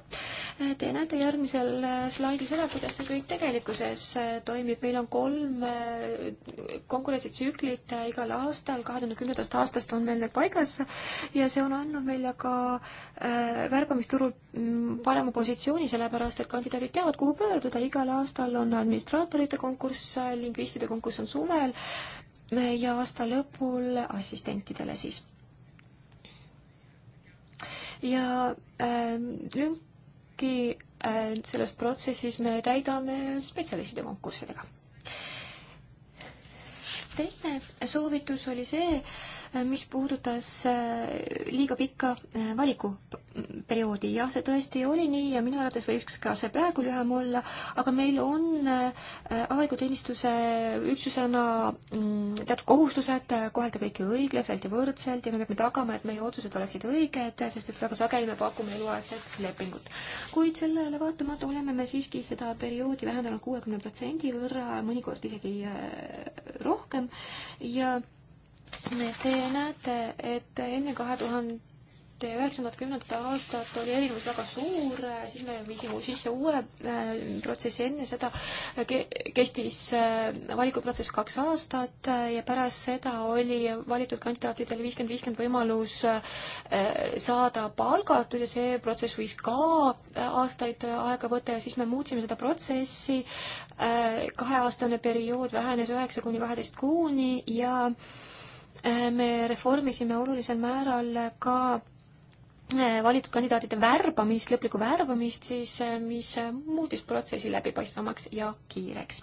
Te näete järgmisel slaidil seda, kuidas see kõik tegelikkuses toimib. meil on kolm konkurentsitsüklit igal aastal, kahe tuhande kümnendast aastast on meil need paigas ja see on andnud meile ka värbamisturul mm, parema positsiooni informatsiooni, sellepärast et kandidaadid teavad, kuhu pöörduda, igal aastal on administraatorite konkurss, lingvistide konkurss on suvel ja aasta lõpul assistentidele siis. ja äh, lünki äh, selles protsessis me täidame spetsialistide konkurssidega. teine soovitus oli see äh,, Äh, mis puudutas äh, liiga pikka äh, valikuperioodi. jah, see tõesti oli nii ja minu arvates võiks ka see praegu lühem olla, aga meil on avaliku teenistuse üksusena mm, teatud kohustused kohelda kõiki õiglaselt ja võrdselt ja me peame tagama, et meie otsused oleksid õiged, sest et väga sageli me pakume eluaegset lepingut. kuid sellele vaatamata oleme me siiski seda perioodi vähendanud kuuekümne protsendi võrra, mõnikord isegi rohkem ja Te näete, et enne kahe tuhande üheksandat, kümnendat aastat oli erinevus väga suur, siis me viisime sisse uue äh, protsessi, enne seda kestis äh, valikuprotsess kaks aastat äh, ja pärast seda oli valitud kandidaatidel viiskümmend, viiskümmend võimalus saada palgatud ja see protsess võis ka aastaid aega võtta ja siis me muutsime seda protsessi, kaheaastane periood vähenes üheksa kuni kaheteist kuuni ja me reformisime olulisel määral ka eh, valitud kandidaatide värbamist, lõplikku värbamist siis, eh, mis muutis protsessi läbipaistvamaks ja kiireks.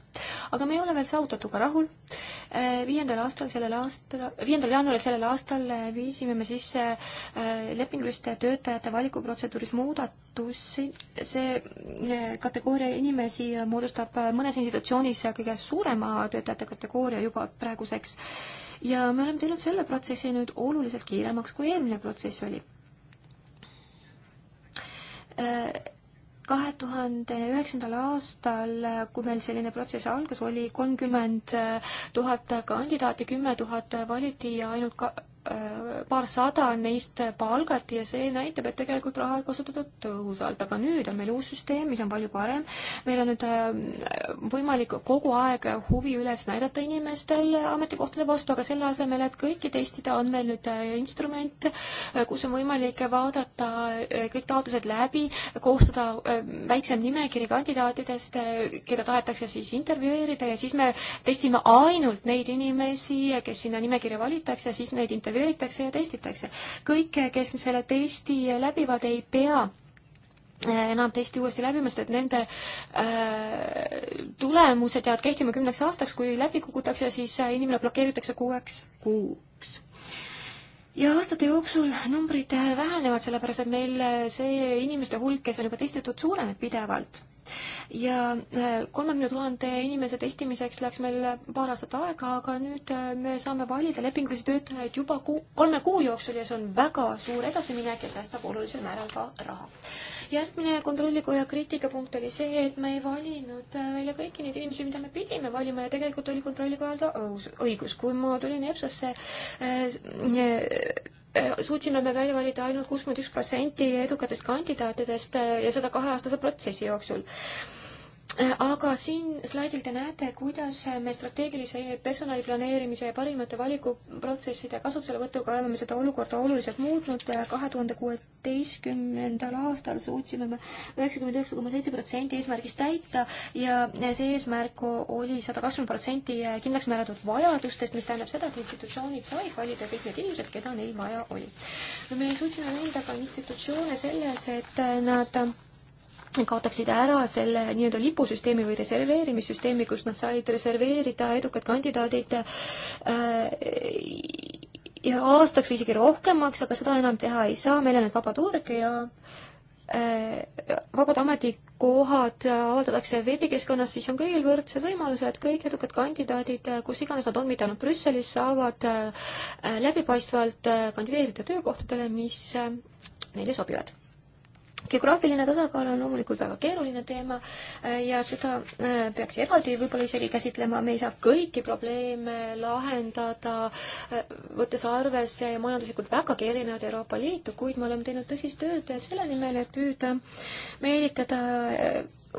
aga me ei ole veel saavutatuga rahul. Eh, viiendal aastal sellel aastal, viiendal jaanuaril sellel aastal viisime me sisse lepinguliste töötajate valikuprotseduuris muudatusi. see kategooria inimesi moodustab mõnes institutsioonis kõige suurema töötajate kategooria juba praeguseks ja me oleme teinud selle protsessi nüüd oluliselt kiiremaks, kui eelmine protsess oli. kahe tuhande üheksandal aastal, kui meil selline protsess algas, oli kolmkümmend tuhat kandidaati, kümme tuhat valiti ja ainult ka Äh, paarsada neist palgati ja see näitab, et tegelikult raha ei kasutatud tõhusalt, aga nüüd on meil uus süsteem, mis on palju parem, meil on nüüd äh, võimalik kogu aeg huvi üles näidata inimestel ametikohtade vastu, aga selle asemel, et kõiki testida, on meil nüüd äh, instrument, kus on võimalik vaadata kõik taotlused läbi, koostada väiksem nimekiri kandidaatidest, keda tahetakse siis intervjueerida ja siis me testime ainult neid inimesi, kes sinna nimekirja valitakse, siis neid intervjueerime intervjueeritakse ja testitakse. kõik, kes selle testi läbivad, ei pea eh, enam testi uuesti läbima, sest et nende äh, tulemused jäävad kehtima kümneks aastaks, kui läbi kukutakse, siis eh, inimene blokeeritakse kuueks kuuks ja aastate jooksul numbrid vähenevad, sellepärast et meil see inimeste hulk, kes on juba testitud, suureneb pidevalt ja äh, kolmekümne tuhande inimese testimiseks läks meil paar aastat aega, aga nüüd äh, me saame valida lepingulisi töötajaid juba kuu, kolme kuu jooksul ja see on väga suur edasiminek ja säästab olulisel määral ka raha. järgmine kontrollikoja kriitikapunkt oli see, et me ei valinud välja äh, kõiki neid inimesi, mida me pidime valima ja tegelikult oli kontrollikojal ka õus, õigus. kui ma tulin EBSA-sse äh, Äh, suutsime me välja valida ainult kuuskümmend üks protsenti edukatest kandidaatidest äh, ja seda kaheaastase protsessi jooksul aga siin slaidil te näete, kuidas me strateegilise personali planeerimise ja parimate valikuprotsesside kasutuselevõtuga oleme seda olukorda oluliselt muutnud. kahe tuhande kuueteistkümnendal aastal suutsime me üheksakümmend üheksa koma seitse protsenti eesmärgist täita ja see eesmärk oli sada kakskümmend protsenti kindlaks määratud vajadustest, mis tähendab seda, et institutsioonid said valida kõik need inimesed, keda neil vaja oli. me suutsime veenda ka institutsioone selles, et nad kaotaksid ära selle nii-öelda lipusüsteemi või reserveerimissüsteemi, kus nad said reserveerida edukad kandidaadid äh, ja aastaks või isegi rohkemaks, aga seda enam teha ei saa, meil on nüüd vaba turg ja äh, vabad ametikohad avaldatakse veebikeskkonnas, siis on kõigil võrdsed võimalused, kõik edukad kandidaadid, äh, kus iganes nad on, mitte ainult Brüsselis, saavad läbipaistvalt kandideerida töökohtadele, mis neile sobivad geograafiline tasakaal on loomulikult väga keeruline teema äh, ja seda äh, peaks eraldi võib-olla isegi käsitlema, me ei saa kõiki probleeme lahendada, äh, võttes arvesse majanduslikult vägagi erinevat Euroopa Liitu, kuid me oleme teinud tõsist tööd selle nimel, et püüda meelitada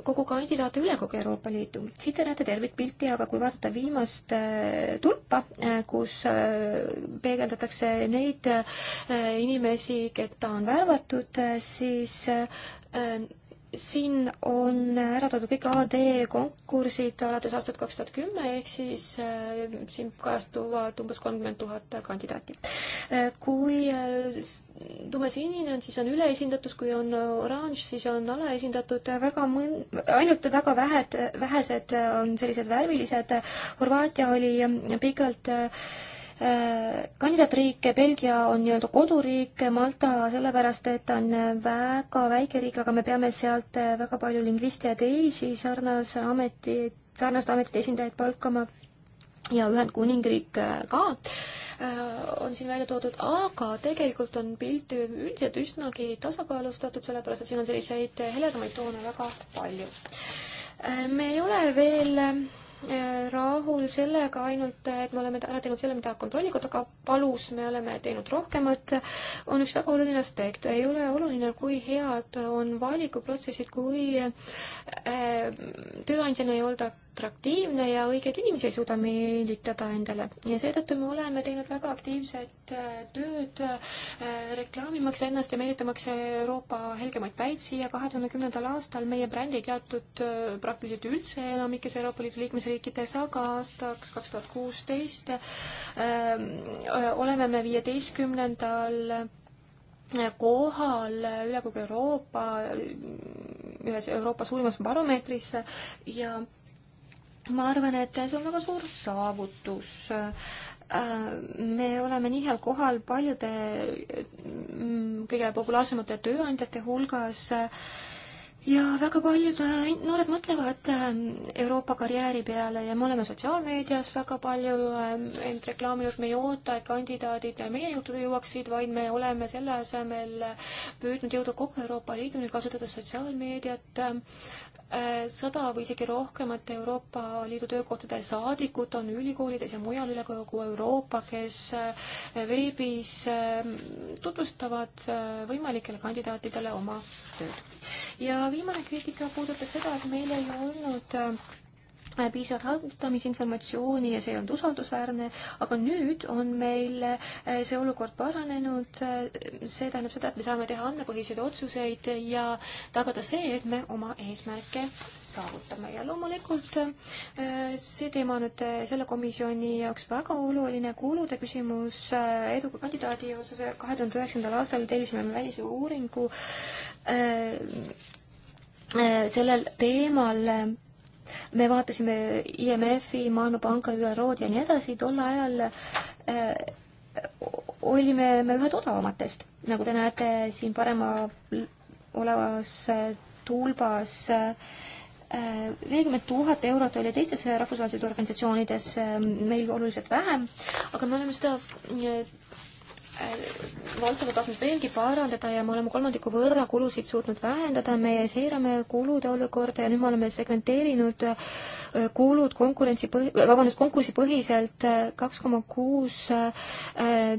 kogu kandidaate üle kogu Euroopa Liidu. siit te näete tervikpilti, aga kui vaadata viimast äh, tulpa, äh, kus äh, peegeldatakse neid inimesi, keda on värvatud, siis siin on ära toodud kõik AD konkursid alates aastat kaks tuhat kümme, ehk siis äh, siin kajastuvad umbes kolmkümmend tuhat kandidaati äh,. kui äh, tumesinine on, siis on üleesindatus, kui on oranž, siis on alaesindatud väga mõn-, ainult väga vähed, vähesed on sellised värvilised. Horvaatia oli äh, pikalt äh, Äh, kandidaatriike, Belgia on nii-öelda koduriik, Malta sellepärast, et ta on väga väike riik, aga me peame sealt äh, väga palju lingviste ja teisi sarnase ameti, sarnaste ametite esindajaid palkama ja Ühendkuningriik äh, ka on siin välja toodud, aga tegelikult on pilt üldiselt üsnagi tasakaalustatud, sellepärast et siin on selliseid heledamaid toone väga palju. me ei ole veel rahul sellega ainult, et me oleme ära teinud selle, mida kontrollikoda ka palus, me oleme teinud rohkemat, on üks väga oluline aspekt, ei ole oluline, kui head on valikuprotsessid, kui äh, tööandjana ei olda atraktiivne ja õigeid inimesi ei suuda meelitada endale. ja seetõttu me oleme teinud väga aktiivset äh, tööd äh, reklaamimaks ennast ja meelitamaks Euroopa helgemaid päitsi ja kahe tuhande kümnendal aastal meie brändi teatud äh, praktiliselt üldse enamikes Euroopa Liidu liikmesriikides, aga aastaks kaks tuhat kuusteist oleme me viieteistkümnendal kohal üle kogu Euroopa, ühes Euroopa suurimas baromeetris ja ma arvan, et see on väga suur saavutus. Äh, me oleme nii heal kohal paljude mm, kõige populaarsemate tööandjate hulgas ja väga paljud äh, noored mõtlevad äh, Euroopa karjääri peale ja me oleme sotsiaalmeedias väga palju end reklaaminud, me ei oota, et kandidaadid meie juurde jõuaksid, vaid me oleme selle asemel püüdnud jõuda kogu Euroopa Liiduni, kasutades sotsiaalmeediat Äh, sada või isegi rohkemat Euroopa Liidu töökohtade saadikut on ülikoolides ja mujal üle kogu Euroopa, kes äh, veebis ähm, tutvustavad äh, võimalikele kandidaatidele oma tööd. ja viimane kriitika puudutas seda, et meil ei olnud Äh, piisavalt arutamisinformatsiooni ja see ei olnud usaldusväärne, aga nüüd on meil äh, see olukord paranenud, äh, see tähendab seda, et me saame teha andmepõhiseid otsuseid ja tagada see, et me oma eesmärke saavutame ja loomulikult see teema on nüüd selle komisjoni jaoks väga oluline, kulude küsimus eduka kandidaadi osas, kahe tuhande üheksandal aastal tellisime me välisuuringu sellel teemal me vaatasime IMF-i, Maailmapanga, ÜRO-d ja nii edasi, tol ajal äh, olime me ühed odavamatest, nagu te näete siin parema olevas äh, tulbas äh, nelikümmend tuhat eurot oli teistes rahvusvahelistes organisatsioonides, äh, meil oluliselt vähem, aga me oleme seda Äh, valdkonna tahtnud veelgi parandada ja me oleme kolmandiku võrra kulusid suutnud vähendada, me seirame kulude olukorda ja nüüd me oleme segmenteerinud äh, kulud konkurentsi põh-, vabandust, konkursipõhiselt äh, kaks koma kuus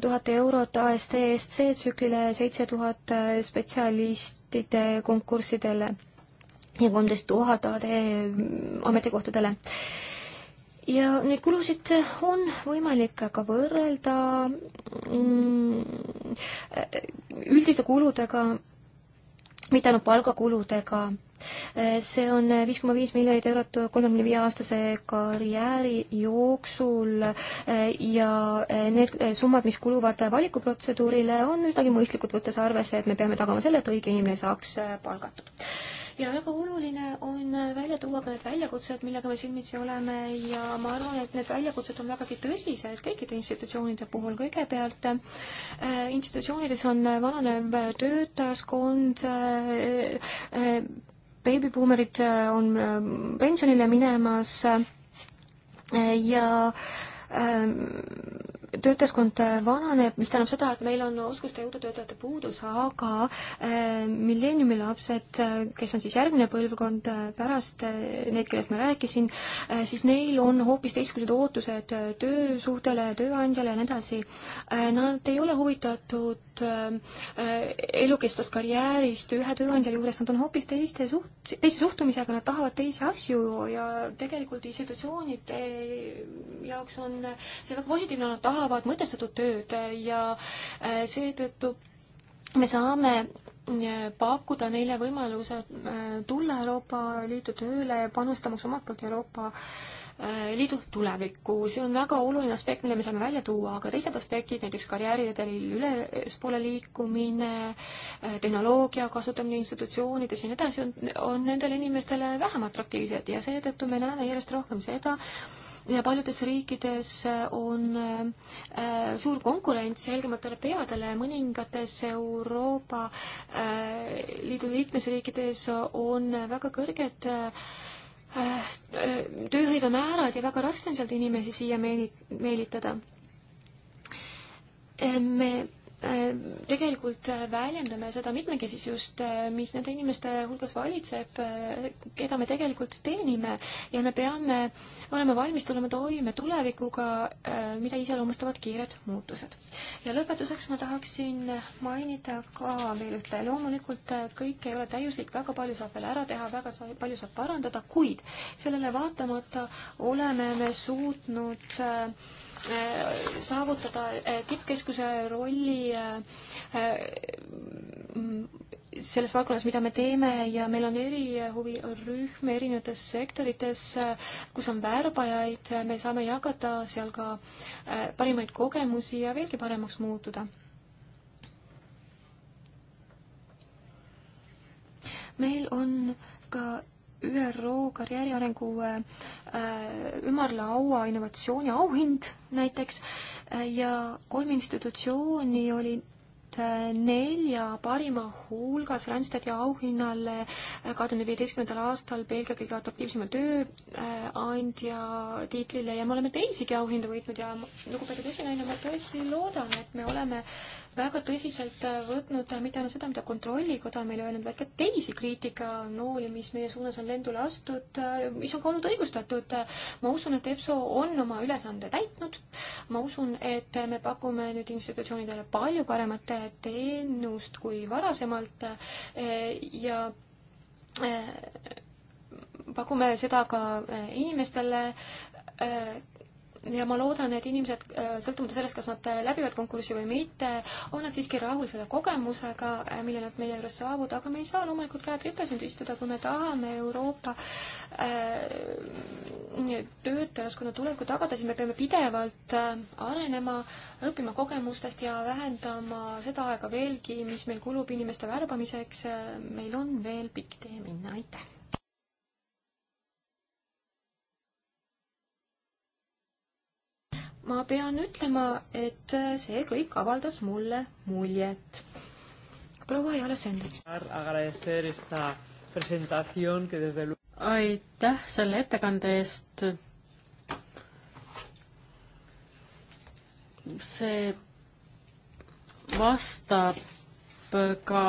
tuhat eurot AST SC tsüklile, seitse tuhat spetsialistide konkurssidele ja kolmteist tuhat AD ametikohtadele ja neid kulusid on võimalik aga võrrelda mm, üldiste kuludega, mitte ainult palgakuludega. see on viis koma viis miljonit eurot kolmekümne viie aastase karjääri jooksul ja need summad, mis kuluvad valikuprotseduurile, on üsnagi mõistlikud, võttes arvesse, et me peame tagama selle, et õige inimene saaks palgatud ja väga oluline on välja tuua ka need väljakutsed, millega me silmitsi oleme ja ma arvan, et need väljakutsed on vägagi tõsised kõikide institutsioonide puhul. kõigepealt äh, institutsioonides on vananev töötajaskond äh, äh, beebibuumerid on pensionile minemas ja töötajaskond äh, vananeb, mis tähendab seda, et meil on oskuste jõudu töötajate puudus, aga äh, milleeniumi lapsed, äh, kes on siis järgmine põlvkond pärast neid, kellest ma rääkisin, siis neil on hoopis teistsugused ootused töösuhtele, tööandjale ja nii edasi. Nad ei ole huvitatud elukestvast karjäärist ühe tööandja juures, nad on hoopis teiste suht-, teise suhtumisega, nad tahavad teisi asju ja tegelikult institutsioonide jaoks on see väga positiivne, nad tahavad teevad mõtestatud tööd ja äh, seetõttu me saame äh, pakkuda neile võimaluse äh, tulla Euroopa Liidu tööle, panustamaks omalt poolt Euroopa liidu tulevikku, see on väga oluline aspekt, mille me saame välja tuua, aga teised aspektid, näiteks karjääriredelil ülespoole liikumine, tehnoloogia kasutamine institutsioonides ja nii edasi, on, on nendele inimestele vähem atraktiivsed ja seetõttu me näeme järjest rohkem seda, ja paljudes riikides on äh, suur konkurents helgematele peadele, mõningates Euroopa äh, Liidu liikmesriikides on väga kõrged äh, tööhõivemäärad ja väga raske on sealt inimesi siia meelitada. me Äh, tegelikult äh, väljendame seda mitmekesisust, äh, mis nende inimeste hulgas valitseb, keda me tegelikult teenime ja me peame olema valmis tulema toime tulevikuga, mida iseloomustavad kiired muutused. ja lõpetuseks ma tahaksin mainida ka veel ühte, loomulikult kõik ei ole täiuslik, väga palju saab veel ära teha, väga palju saab parandada, kuid sellele vaatamata oleme me suutnud äh, Äh, saavutada äh, tippkeskuse rolli äh, selles valdkonnas, mida me teeme ja meil on erihuvirühm erinevates sektorites, kus on värbajaid, me saame jagada seal ka parimaid kogemusi ja veelgi paremaks muutuda. meil on ka ÜRO karjääriarengu äh, ümarlaua innovatsiooni auhind näiteks äh, ja kolm institutsiooni olid äh, nelja parima hulgas Randstadi auhinnale kahe tuhande viieteistkümnendal aastal Belgia kõige atraktiivsema tööandja tiitlile ja me oleme teisigi auhindu võitnud ja lugupeetud esinaine, ma tõesti loodan, et me oleme äh, väga tõsiselt äh, võtnud äh, mitte ainult seda, mida Kontrollikoda on meile öelnud, vaid ka teisi kriitikanooli, mis meie suunas on lendule astud, äh, mis on ka olnud õigustatud. ma usun, et EPSO on oma ülesande täitnud. ma usun, et me pakume nüüd institutsioonidele palju paremat teenust kui varasemalt ja pakume seda ka inimestele ja ma loodan, et inimesed, äh, sõltumata sellest, kas nad äh, läbivad konkursi või mitte, on nad siiski rahul selle kogemusega, äh, mille nad meie juures saavad, aga me ei saa loomulikult käed rüpes nüüd istuda, kui me tahame Euroopa äh, töötajaskonna tulevikku tagada, siis me peame pidevalt äh, arenema, õppima kogemustest ja vähendama seda aega veelgi, mis meil kulub inimeste värbamiseks. meil on veel pikk tee minna, aitäh! ma pean ütlema, et see kõik avaldas mulle muljet. proua Jala Sender. aitäh selle ettekande eest. see vastab ka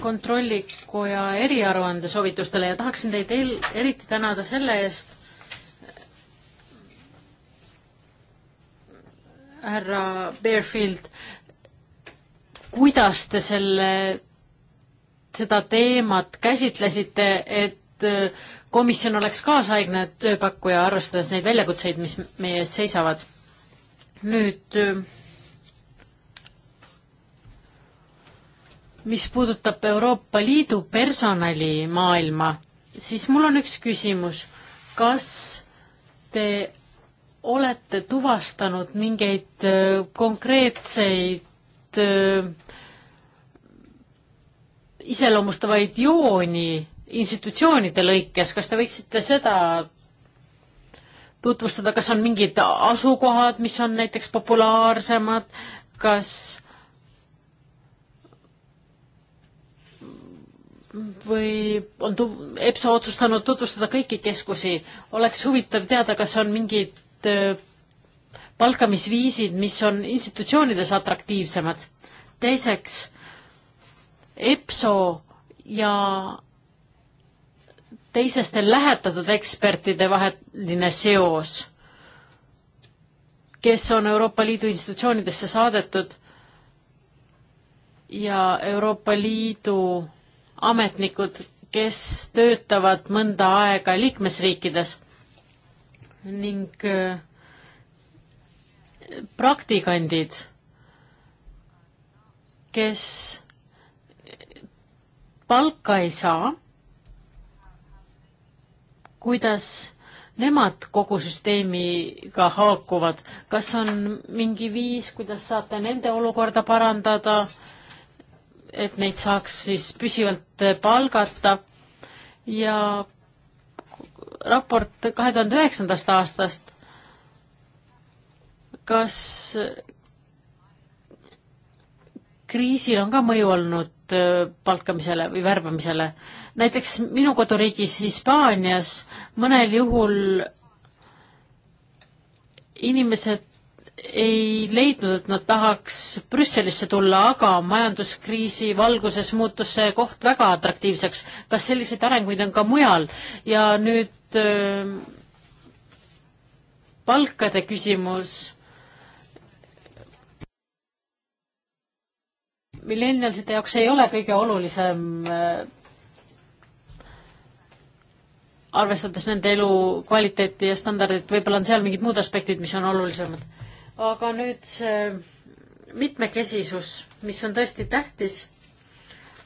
kontrollikoja eriaruande soovitustele ja tahaksin teid eriti tänada selle eest, härra Bearfield, kuidas te selle, seda teemat käsitlesite, et äh, komisjon oleks kaasaegne tööpakkuja, arvestades neid väljakutseid, mis meie ees seisavad? nüüd, äh, mis puudutab Euroopa Liidu personalimaailma, siis mul on üks küsimus. kas te olete tuvastanud mingeid äh, konkreetseid äh, iseloomustavaid jooni institutsioonide lõikes, kas te võiksite seda tutvustada, kas on mingid asukohad, mis on näiteks populaarsemad, kas või on tu-, EPSO otsustanud tutvustada kõiki keskusi, oleks huvitav teada, kas on mingid Äh, palkamisviisid, mis on institutsioonides atraktiivsemad. teiseks, EPSO ja teiseste lähetatud ekspertide vaheline seos, kes on Euroopa Liidu institutsioonidesse saadetud ja Euroopa Liidu ametnikud, kes töötavad mõnda aega liikmesriikides ning äh, praktikandid, kes palka ei saa, kuidas nemad kogu süsteemiga haakuvad, kas on mingi viis, kuidas saate nende olukorda parandada, et neid saaks siis püsivalt äh, palgata ja raport kahe tuhande üheksandast aastast. kas kriisil on ka mõju olnud äh, palkamisele või värbamisele? näiteks minu koduriigis Hispaanias mõnel juhul inimesed ei leidnud, et nad tahaks Brüsselisse tulla, aga majanduskriisi valguses muutus see koht väga atraktiivseks. kas selliseid arenguid on ka mujal ja nüüd nüüd palkade küsimus. millenialside jaoks ei ole kõige olulisem arvestades nende elukvaliteeti ja standardit, võib-olla on seal mingid muud aspektid, mis on olulisemad. aga nüüd see mitmekesisus, mis on tõesti tähtis,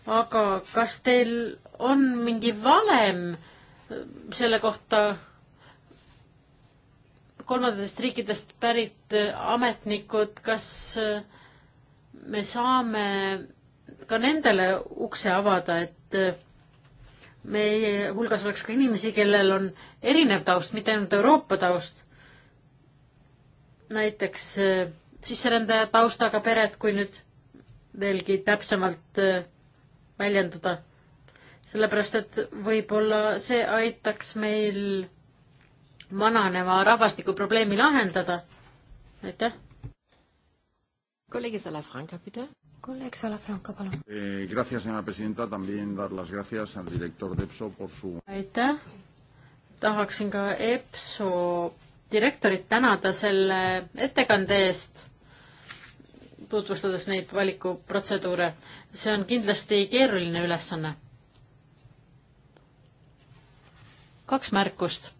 aga kas teil on mingi valem äh, selle kohta kolmandatest riikidest pärit ametnikud, kas me saame ka nendele ukse avada, et meie hulgas oleks ka inimesi, kellel on erinev taust, mitte ainult Euroopa taust. näiteks äh, sisserändaja taustaga pered, kui nüüd veelgi täpsemalt äh, väljenduda sellepärast et võib-olla see aitaks meil vananeva rahvastiku probleemi lahendada. aitäh. kolleeg Salafranca, pide. kolleeg Salafranca, palun eh,. Gracias, señora presidenta, también dar las gracias al director de EPSO por su. aitäh. tahaksin ka EPSO direktorit tänada selle ettekande eest, tutvustades neid valikuprotseduure. see on kindlasti keeruline ülesanne kaks märkust.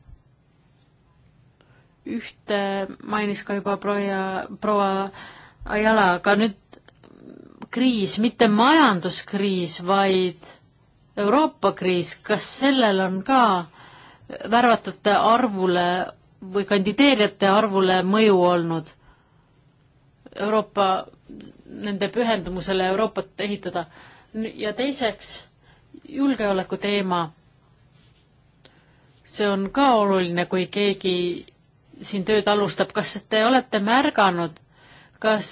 ühte mainis ka juba proua, proua Ajala, aga nüüd kriis, mitte majanduskriis, vaid Euroopa kriis, kas sellel on ka värvatute arvule või kandideerijate arvule mõju olnud? Euroopa, nende pühendumusele Euroopat ehitada. ja teiseks, julgeoleku teema see on ka oluline, kui keegi siin tööd alustab, kas te olete märganud, kas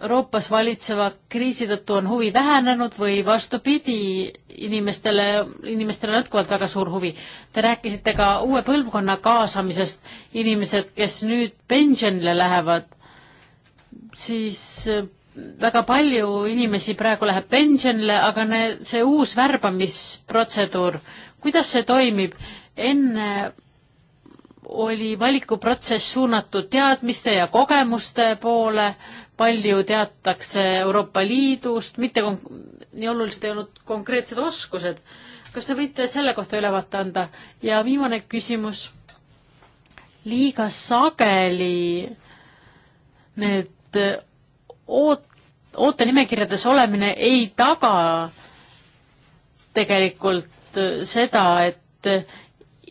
Euroopas valitseva kriisi tõttu on huvi vähenenud või vastupidi, inimestele, inimestel on jätkuvalt väga suur huvi. Te rääkisite ka uue põlvkonna kaasamisest, inimesed, kes nüüd pensionile lähevad, siis väga palju inimesi praegu läheb pensionile, aga ne, see uus värbamisprotseduur, kuidas see toimib? enne oli valikuprotsess suunatud teadmiste ja kogemuste poole, palju teatakse Euroopa Liidust, mitte nii olulised ei olnud konkreetsed oskused. kas te võite selle kohta ülevaate anda? ja viimane küsimus. liiga sageli need oot-, ootenimekirjades olemine ei taga tegelikult seda, et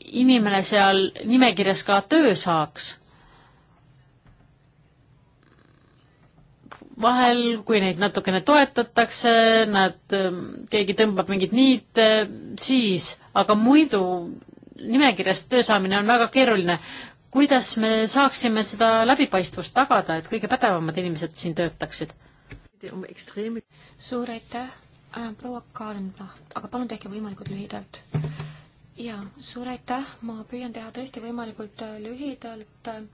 inimene seal nimekirjas ka töö saaks. vahel, kui neid natukene toetatakse, nad, keegi tõmbab mingit niite, siis, aga muidu nimekirjast töö saamine on väga keeruline. kuidas me saaksime seda läbipaistvust tagada, et kõige pädevamad inimesed siin töötaksid? suur aitäh Äh, proua Kadenbach, aga palun tehke võimalikult lühidalt. jaa, suur aitäh, ma püüan teha tõesti võimalikult äh, lühidalt äh,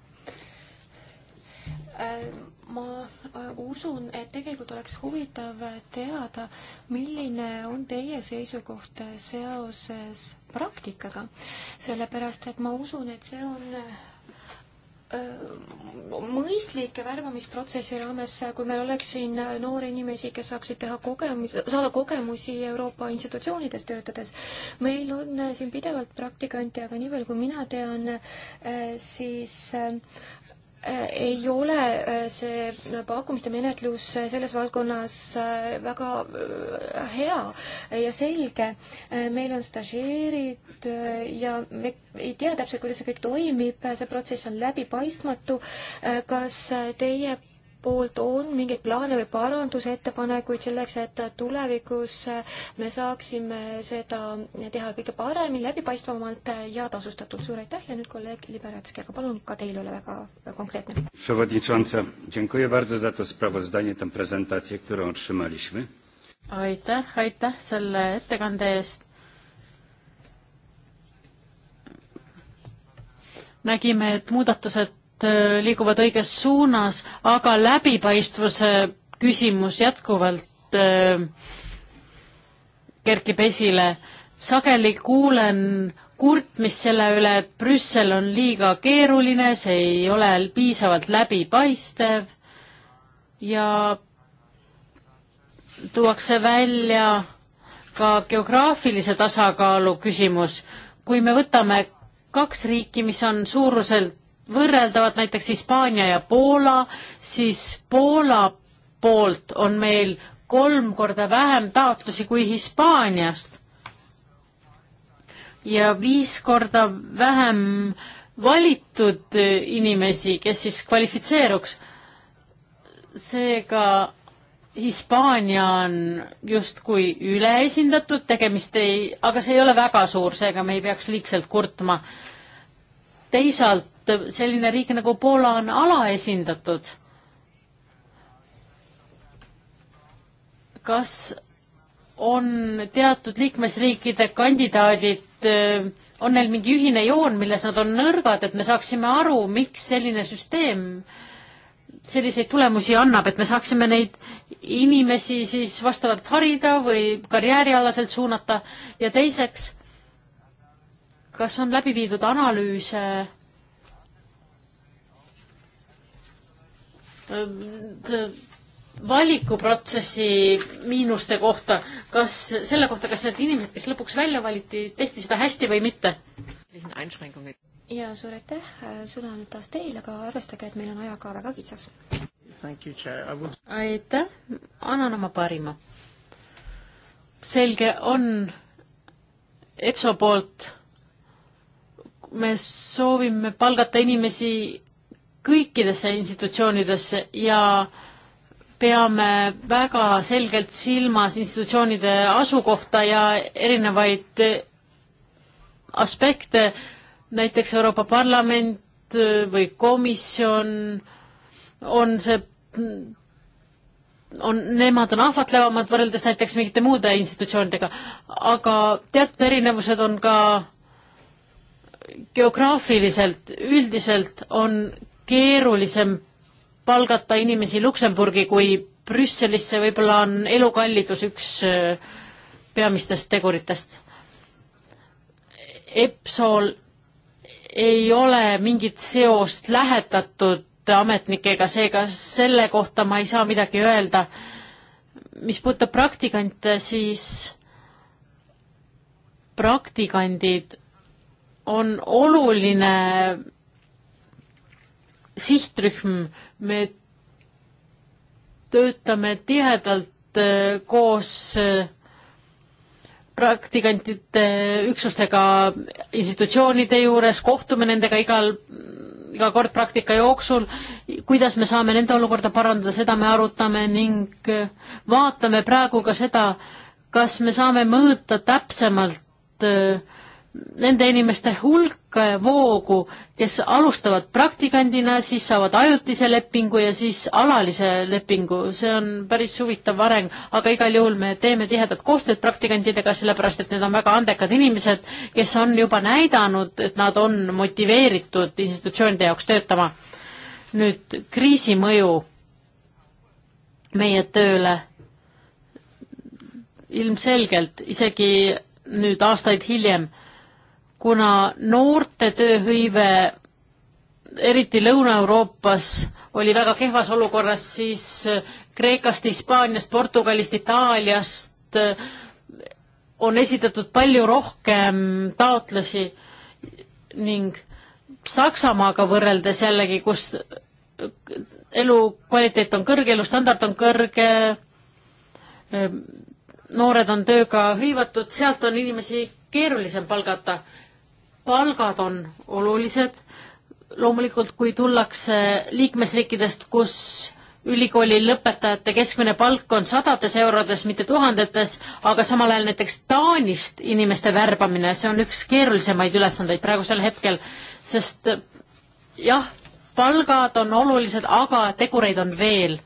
Ma usun, et tegelikult oleks huvitav teada, milline on teie seisukoht seoses praktikaga, sellepärast et ma usun, et see on mõistlike värbamisprotsessi raames, kui meil oleks siin noori inimesi, kes saaksid teha kogemus, saada kogemusi Euroopa institutsioonides töötades. meil on äh, siin pidevalt praktikante, aga nii palju, kui mina tean, äh, siis äh, ei ole äh, see pakkumiste menetlus äh, selles valdkonnas äh, väga hea ja selge. meil on stažeerid ja me ei tea täpselt, kuidas see kõik toimib, see protsess on läbipaistmatu. kas teie poolt on mingeid plaane või parandusettepanekuid selleks, et tulevikus me saaksime seda teha kõige paremini, läbipaistvamalt ja tasustatult. suur aitäh ja nüüd kolleeg Liberatski, aga palun ka teil ole väga konkreetne. aitäh, aitäh selle ettekande eest. nägime, et muudatused Äh, liiguvad õiges suunas, aga läbipaistvuse küsimus jätkuvalt äh, kerkib esile. sageli kuulen kurtmist selle üle, et Brüssel on liiga keeruline, see ei ole piisavalt läbipaistev ja tuuakse välja ka geograafilise tasakaalu küsimus. kui me võtame kaks riiki, mis on suuruselt võrreldavad näiteks Hispaania ja Poola, siis Poola poolt on meil kolm korda vähem taotlusi kui Hispaaniast ja viis korda vähem valitud inimesi, kes siis kvalifitseeruks. seega Hispaania on justkui üleesindatud, tegemist ei, aga see ei ole väga suur, seega me ei peaks liigselt kurtma. teisalt et selline riik nagu Poola on alaesindatud. kas on teatud liikmesriikide kandidaadid, äh, on neil mingi ühine joon, milles nad on nõrgad, et me saaksime aru, miks selline süsteem selliseid tulemusi annab, et me saaksime neid inimesi siis vastavalt harida või karjäärialaselt suunata ja teiseks, kas on läbi viidud analüüse valikuprotsessi miinuste kohta, kas selle kohta, kas need inimesed, kes lõpuks välja valiti, tehti seda hästi või mitte? ja suur aitäh, sõna on nüüd taas teil, aga arvestage, et meil on ajaga väga kitsas. aitäh, annan oma parima. selge on EPSO poolt, me soovime palgata inimesi kõikidesse institutsioonidesse ja peame väga selgelt silmas institutsioonide asukohta ja erinevaid aspekte, näiteks Euroopa Parlament või komisjon on see, on, nemad on ahvatlevamad võrreldes näiteks mingite muude institutsioonidega, aga teatud erinevused on ka geograafiliselt, üldiselt on keerulisem palgata inimesi Luksemburgi kui Brüsselisse, võib-olla on elukallidus üks äh, peamistest teguritest. EPSO-l ei ole mingit seost lähetatud ametnikega, seega selle kohta ma ei saa midagi öelda. mis puudutab praktikante, siis praktikandid on oluline sihtrühm, me töötame tihedalt äh, koos äh, praktikantide üksustega institutsioonide juures, kohtume nendega igal, iga kord praktika jooksul, kuidas me saame nende olukorda parandada, seda me arutame ning äh, vaatame praegu ka seda, kas me saame mõõta täpsemalt äh, nende inimeste hulk voogu, kes alustavad praktikandina, siis saavad ajutise lepingu ja siis alalise lepingu, see on päris huvitav areng, aga igal juhul me teeme tihedat koostööd praktikantidega, sellepärast et need on väga andekad inimesed, kes on juba näidanud, et nad on motiveeritud institutsioonide jaoks töötama. nüüd kriisi mõju meie tööle ilmselgelt, isegi nüüd aastaid hiljem kuna noorte tööhõive eriti Lõuna-Euroopas oli väga kehvas olukorras, siis Kreekast, Hispaaniast, Portugalist, Itaaliast äh, on esitatud palju rohkem taotlusi ning Saksamaaga võrreldes jällegi, kus äh, elukvaliteet on kõrge, elustandard on kõrge, äh, noored on tööga hõivatud, sealt on inimesi keerulisem palgata palgad on olulised, loomulikult kui tullakse liikmesriikidest, kus ülikooli lõpetajate keskmine palk on sadades eurodes, mitte tuhandetes, aga samal ajal näiteks Taanist inimeste värbamine, see on üks keerulisemaid ülesandeid praegusel hetkel, sest jah, palgad on olulised, aga tegureid on veel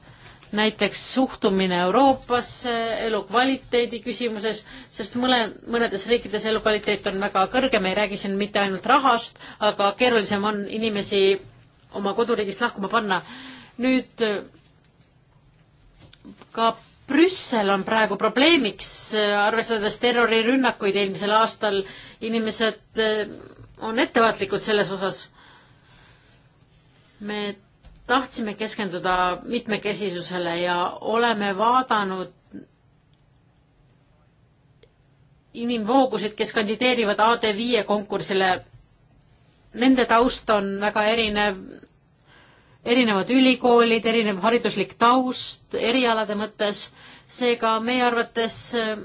näiteks suhtumine Euroopasse elukvaliteedi küsimuses, sest mõne, mõnedes riikides elukvaliteet on väga kõrge, me ei räägi siin mitte ainult rahast, aga keerulisem on inimesi oma koduriigist lahkuma panna. nüüd ka Brüssel on praegu probleemiks, arvestades terrorirünnakuid eelmisel aastal, inimesed eh, on ettevaatlikud selles osas. me tahtsime keskenduda mitmekesisusele ja oleme vaadanud inimvoogusid, kes kandideerivad AD5 konkursile. Nende taust on väga erinev, erinevad ülikoolid, erinev hariduslik taust erialade mõttes, seega meie arvates eh,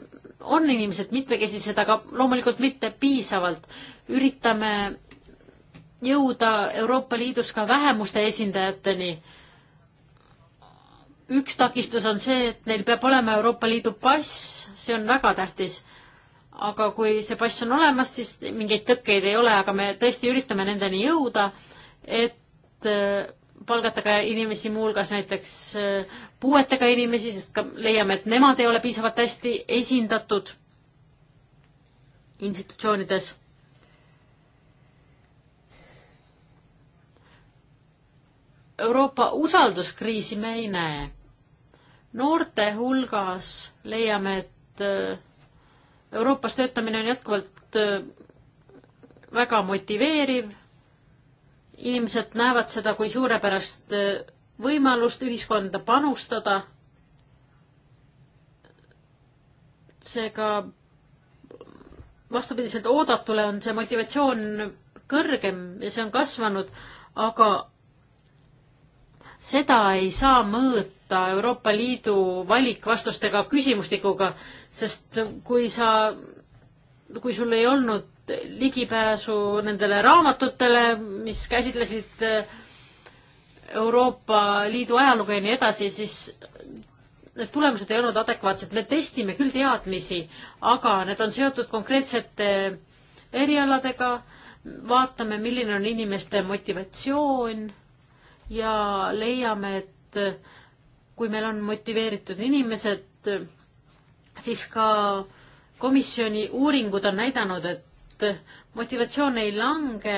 on inimesed mitmekesised, aga loomulikult mitte piisavalt. üritame jõuda Euroopa Liidus ka vähemuste esindajateni. üks takistus on see, et neil peab olema Euroopa Liidu pass, see on väga tähtis. aga kui see pass on olemas, siis mingeid tõkkeid ei ole, aga me tõesti üritame nendeni jõuda, et äh, palgata ka inimesi, muuhulgas näiteks äh, puuetega inimesi, sest ka leiame, et nemad ei ole piisavalt hästi esindatud institutsioonides Euroopa usalduskriisi me ei näe. noorte hulgas leiame, et äh, Euroopas töötamine on jätkuvalt äh, väga motiveeriv. inimesed näevad seda kui suurepärast äh, võimalust ühiskonda panustada. seega vastupidiselt oodatule on see motivatsioon kõrgem ja see on kasvanud, aga seda ei saa mõõta Euroopa Liidu valikvastustega küsimustikuga, sest kui sa, kui sul ei olnud ligipääsu nendele raamatutele, mis käsitlesid äh, Euroopa Liidu ajalugu ja nii edasi, siis need tulemused ei olnud adekvaatsed. me testime küll teadmisi, aga need on seotud konkreetsete erialadega, vaatame, milline on inimeste motivatsioon ja leiame, et kui meil on motiveeritud inimesed, siis ka komisjoni uuringud on näidanud, et motivatsioon ei lange,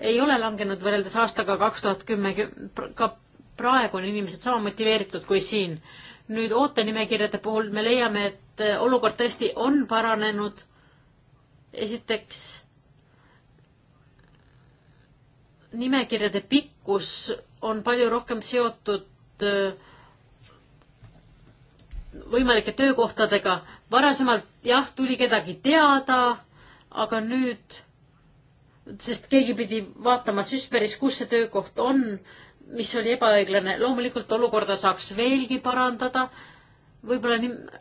ei ole langenud võrreldes aastaga kaks tuhat kümme, ka praegu on inimesed sama motiveeritud kui siin. nüüd ootenimekirjade puhul me leiame, et olukord tõesti on paranenud. esiteks, nimekirjade pikkus on palju rohkem seotud äh, võimalike töökohtadega. varasemalt jah, tuli kedagi teada, aga nüüd, sest keegi pidi vaatama Süsperis, kus see töökoht on, mis oli ebaõiglane. loomulikult olukorda saaks veelgi parandada. võib-olla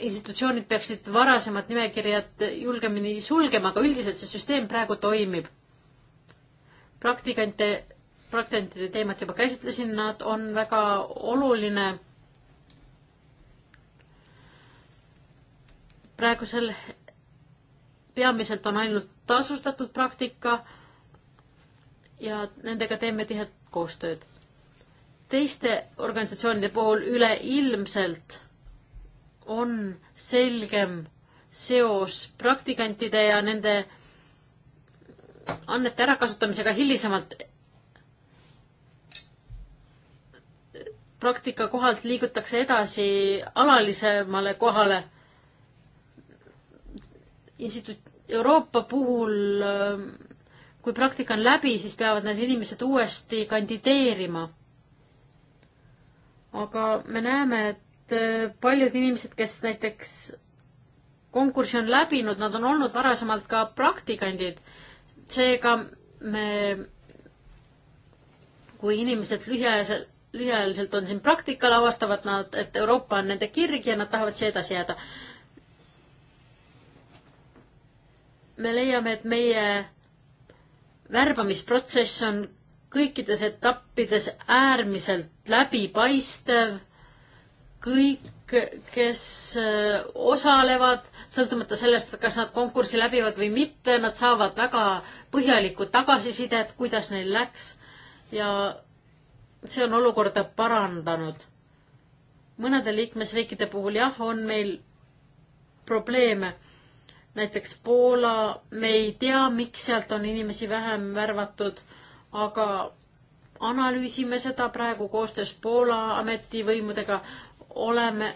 institutsioonid peaksid varasemad nimekirjad julgemini sulgema, aga üldiselt see süsteem praegu toimib praktikante praktikantide teemat juba käsitlesin, nad on väga oluline. praegusel peamiselt on ainult tasustatud praktika ja nendega teeme tihedat koostööd. teiste organisatsioonide puhul üleilmselt on selgem seos praktikantide ja nende annete ärakasutamisega hilisemalt praktika kohalt liigutakse edasi alalisemale kohale. instituut Euroopa puhul, kui praktika on läbi, siis peavad need inimesed uuesti kandideerima. aga me näeme, et paljud inimesed, kes näiteks konkursi on läbinud, nad on olnud varasemalt ka praktikandid. seega me, kui inimesed lühiajaliselt lühiajaliselt on siin praktikal, avastavad nad, et Euroopa on nende kirg ja nad tahavad siia edasi jääda. me leiame, et meie värbamisprotsess on kõikides etappides äärmiselt läbipaistev. kõik, kes äh, osalevad, sõltumata sellest, kas nad konkursi läbivad või mitte, nad saavad väga põhjalikku tagasisidet, kuidas neil läks ja see on olukorda parandanud. mõnede liikmesriikide puhul jah, on meil probleeme. näiteks Poola, me ei tea, miks sealt on inimesi vähem värvatud, aga analüüsime seda praegu koostöös Poola ametivõimudega, oleme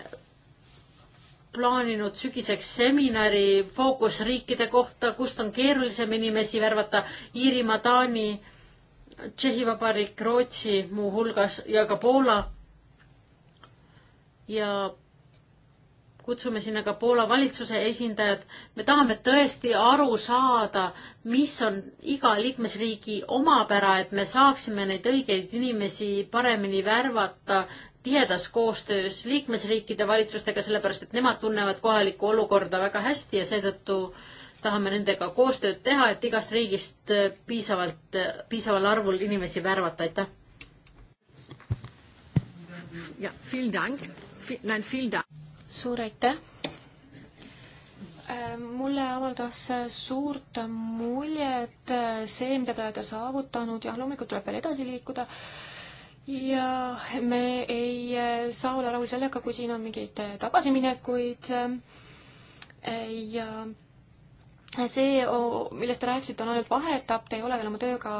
plaaninud sügiseks seminari fookusriikide kohta, kust on keerulisem inimesi värvata, Iirimaa, Taani Tšehhi Vabariik, Rootsi muuhulgas ja ka Poola. ja kutsume sinna ka Poola valitsuse esindajad. me tahame tõesti aru saada, mis on iga liikmesriigi omapära, et me saaksime neid õigeid inimesi paremini värvata tihedas koostöös liikmesriikide valitsustega, sellepärast et nemad tunnevad kohalikku olukorda väga hästi ja seetõttu äh, tahame nendega koostööd teha, et igast riigist eh, piisavalt, eh, piisaval arvul inimesi värvata, aitäh. ja, suur aitäh. Äh, mulle avaldas äh, suurt muljet äh, see, mida te olete saavutanud, jah, loomulikult tuleb veel edasi liikuda ja me ei saa olla rahul sellega, kui siin on mingeid tagasiminekuid ja see, millest te rääkisite, on ainult vaheetapp, te ei ole veel oma tööga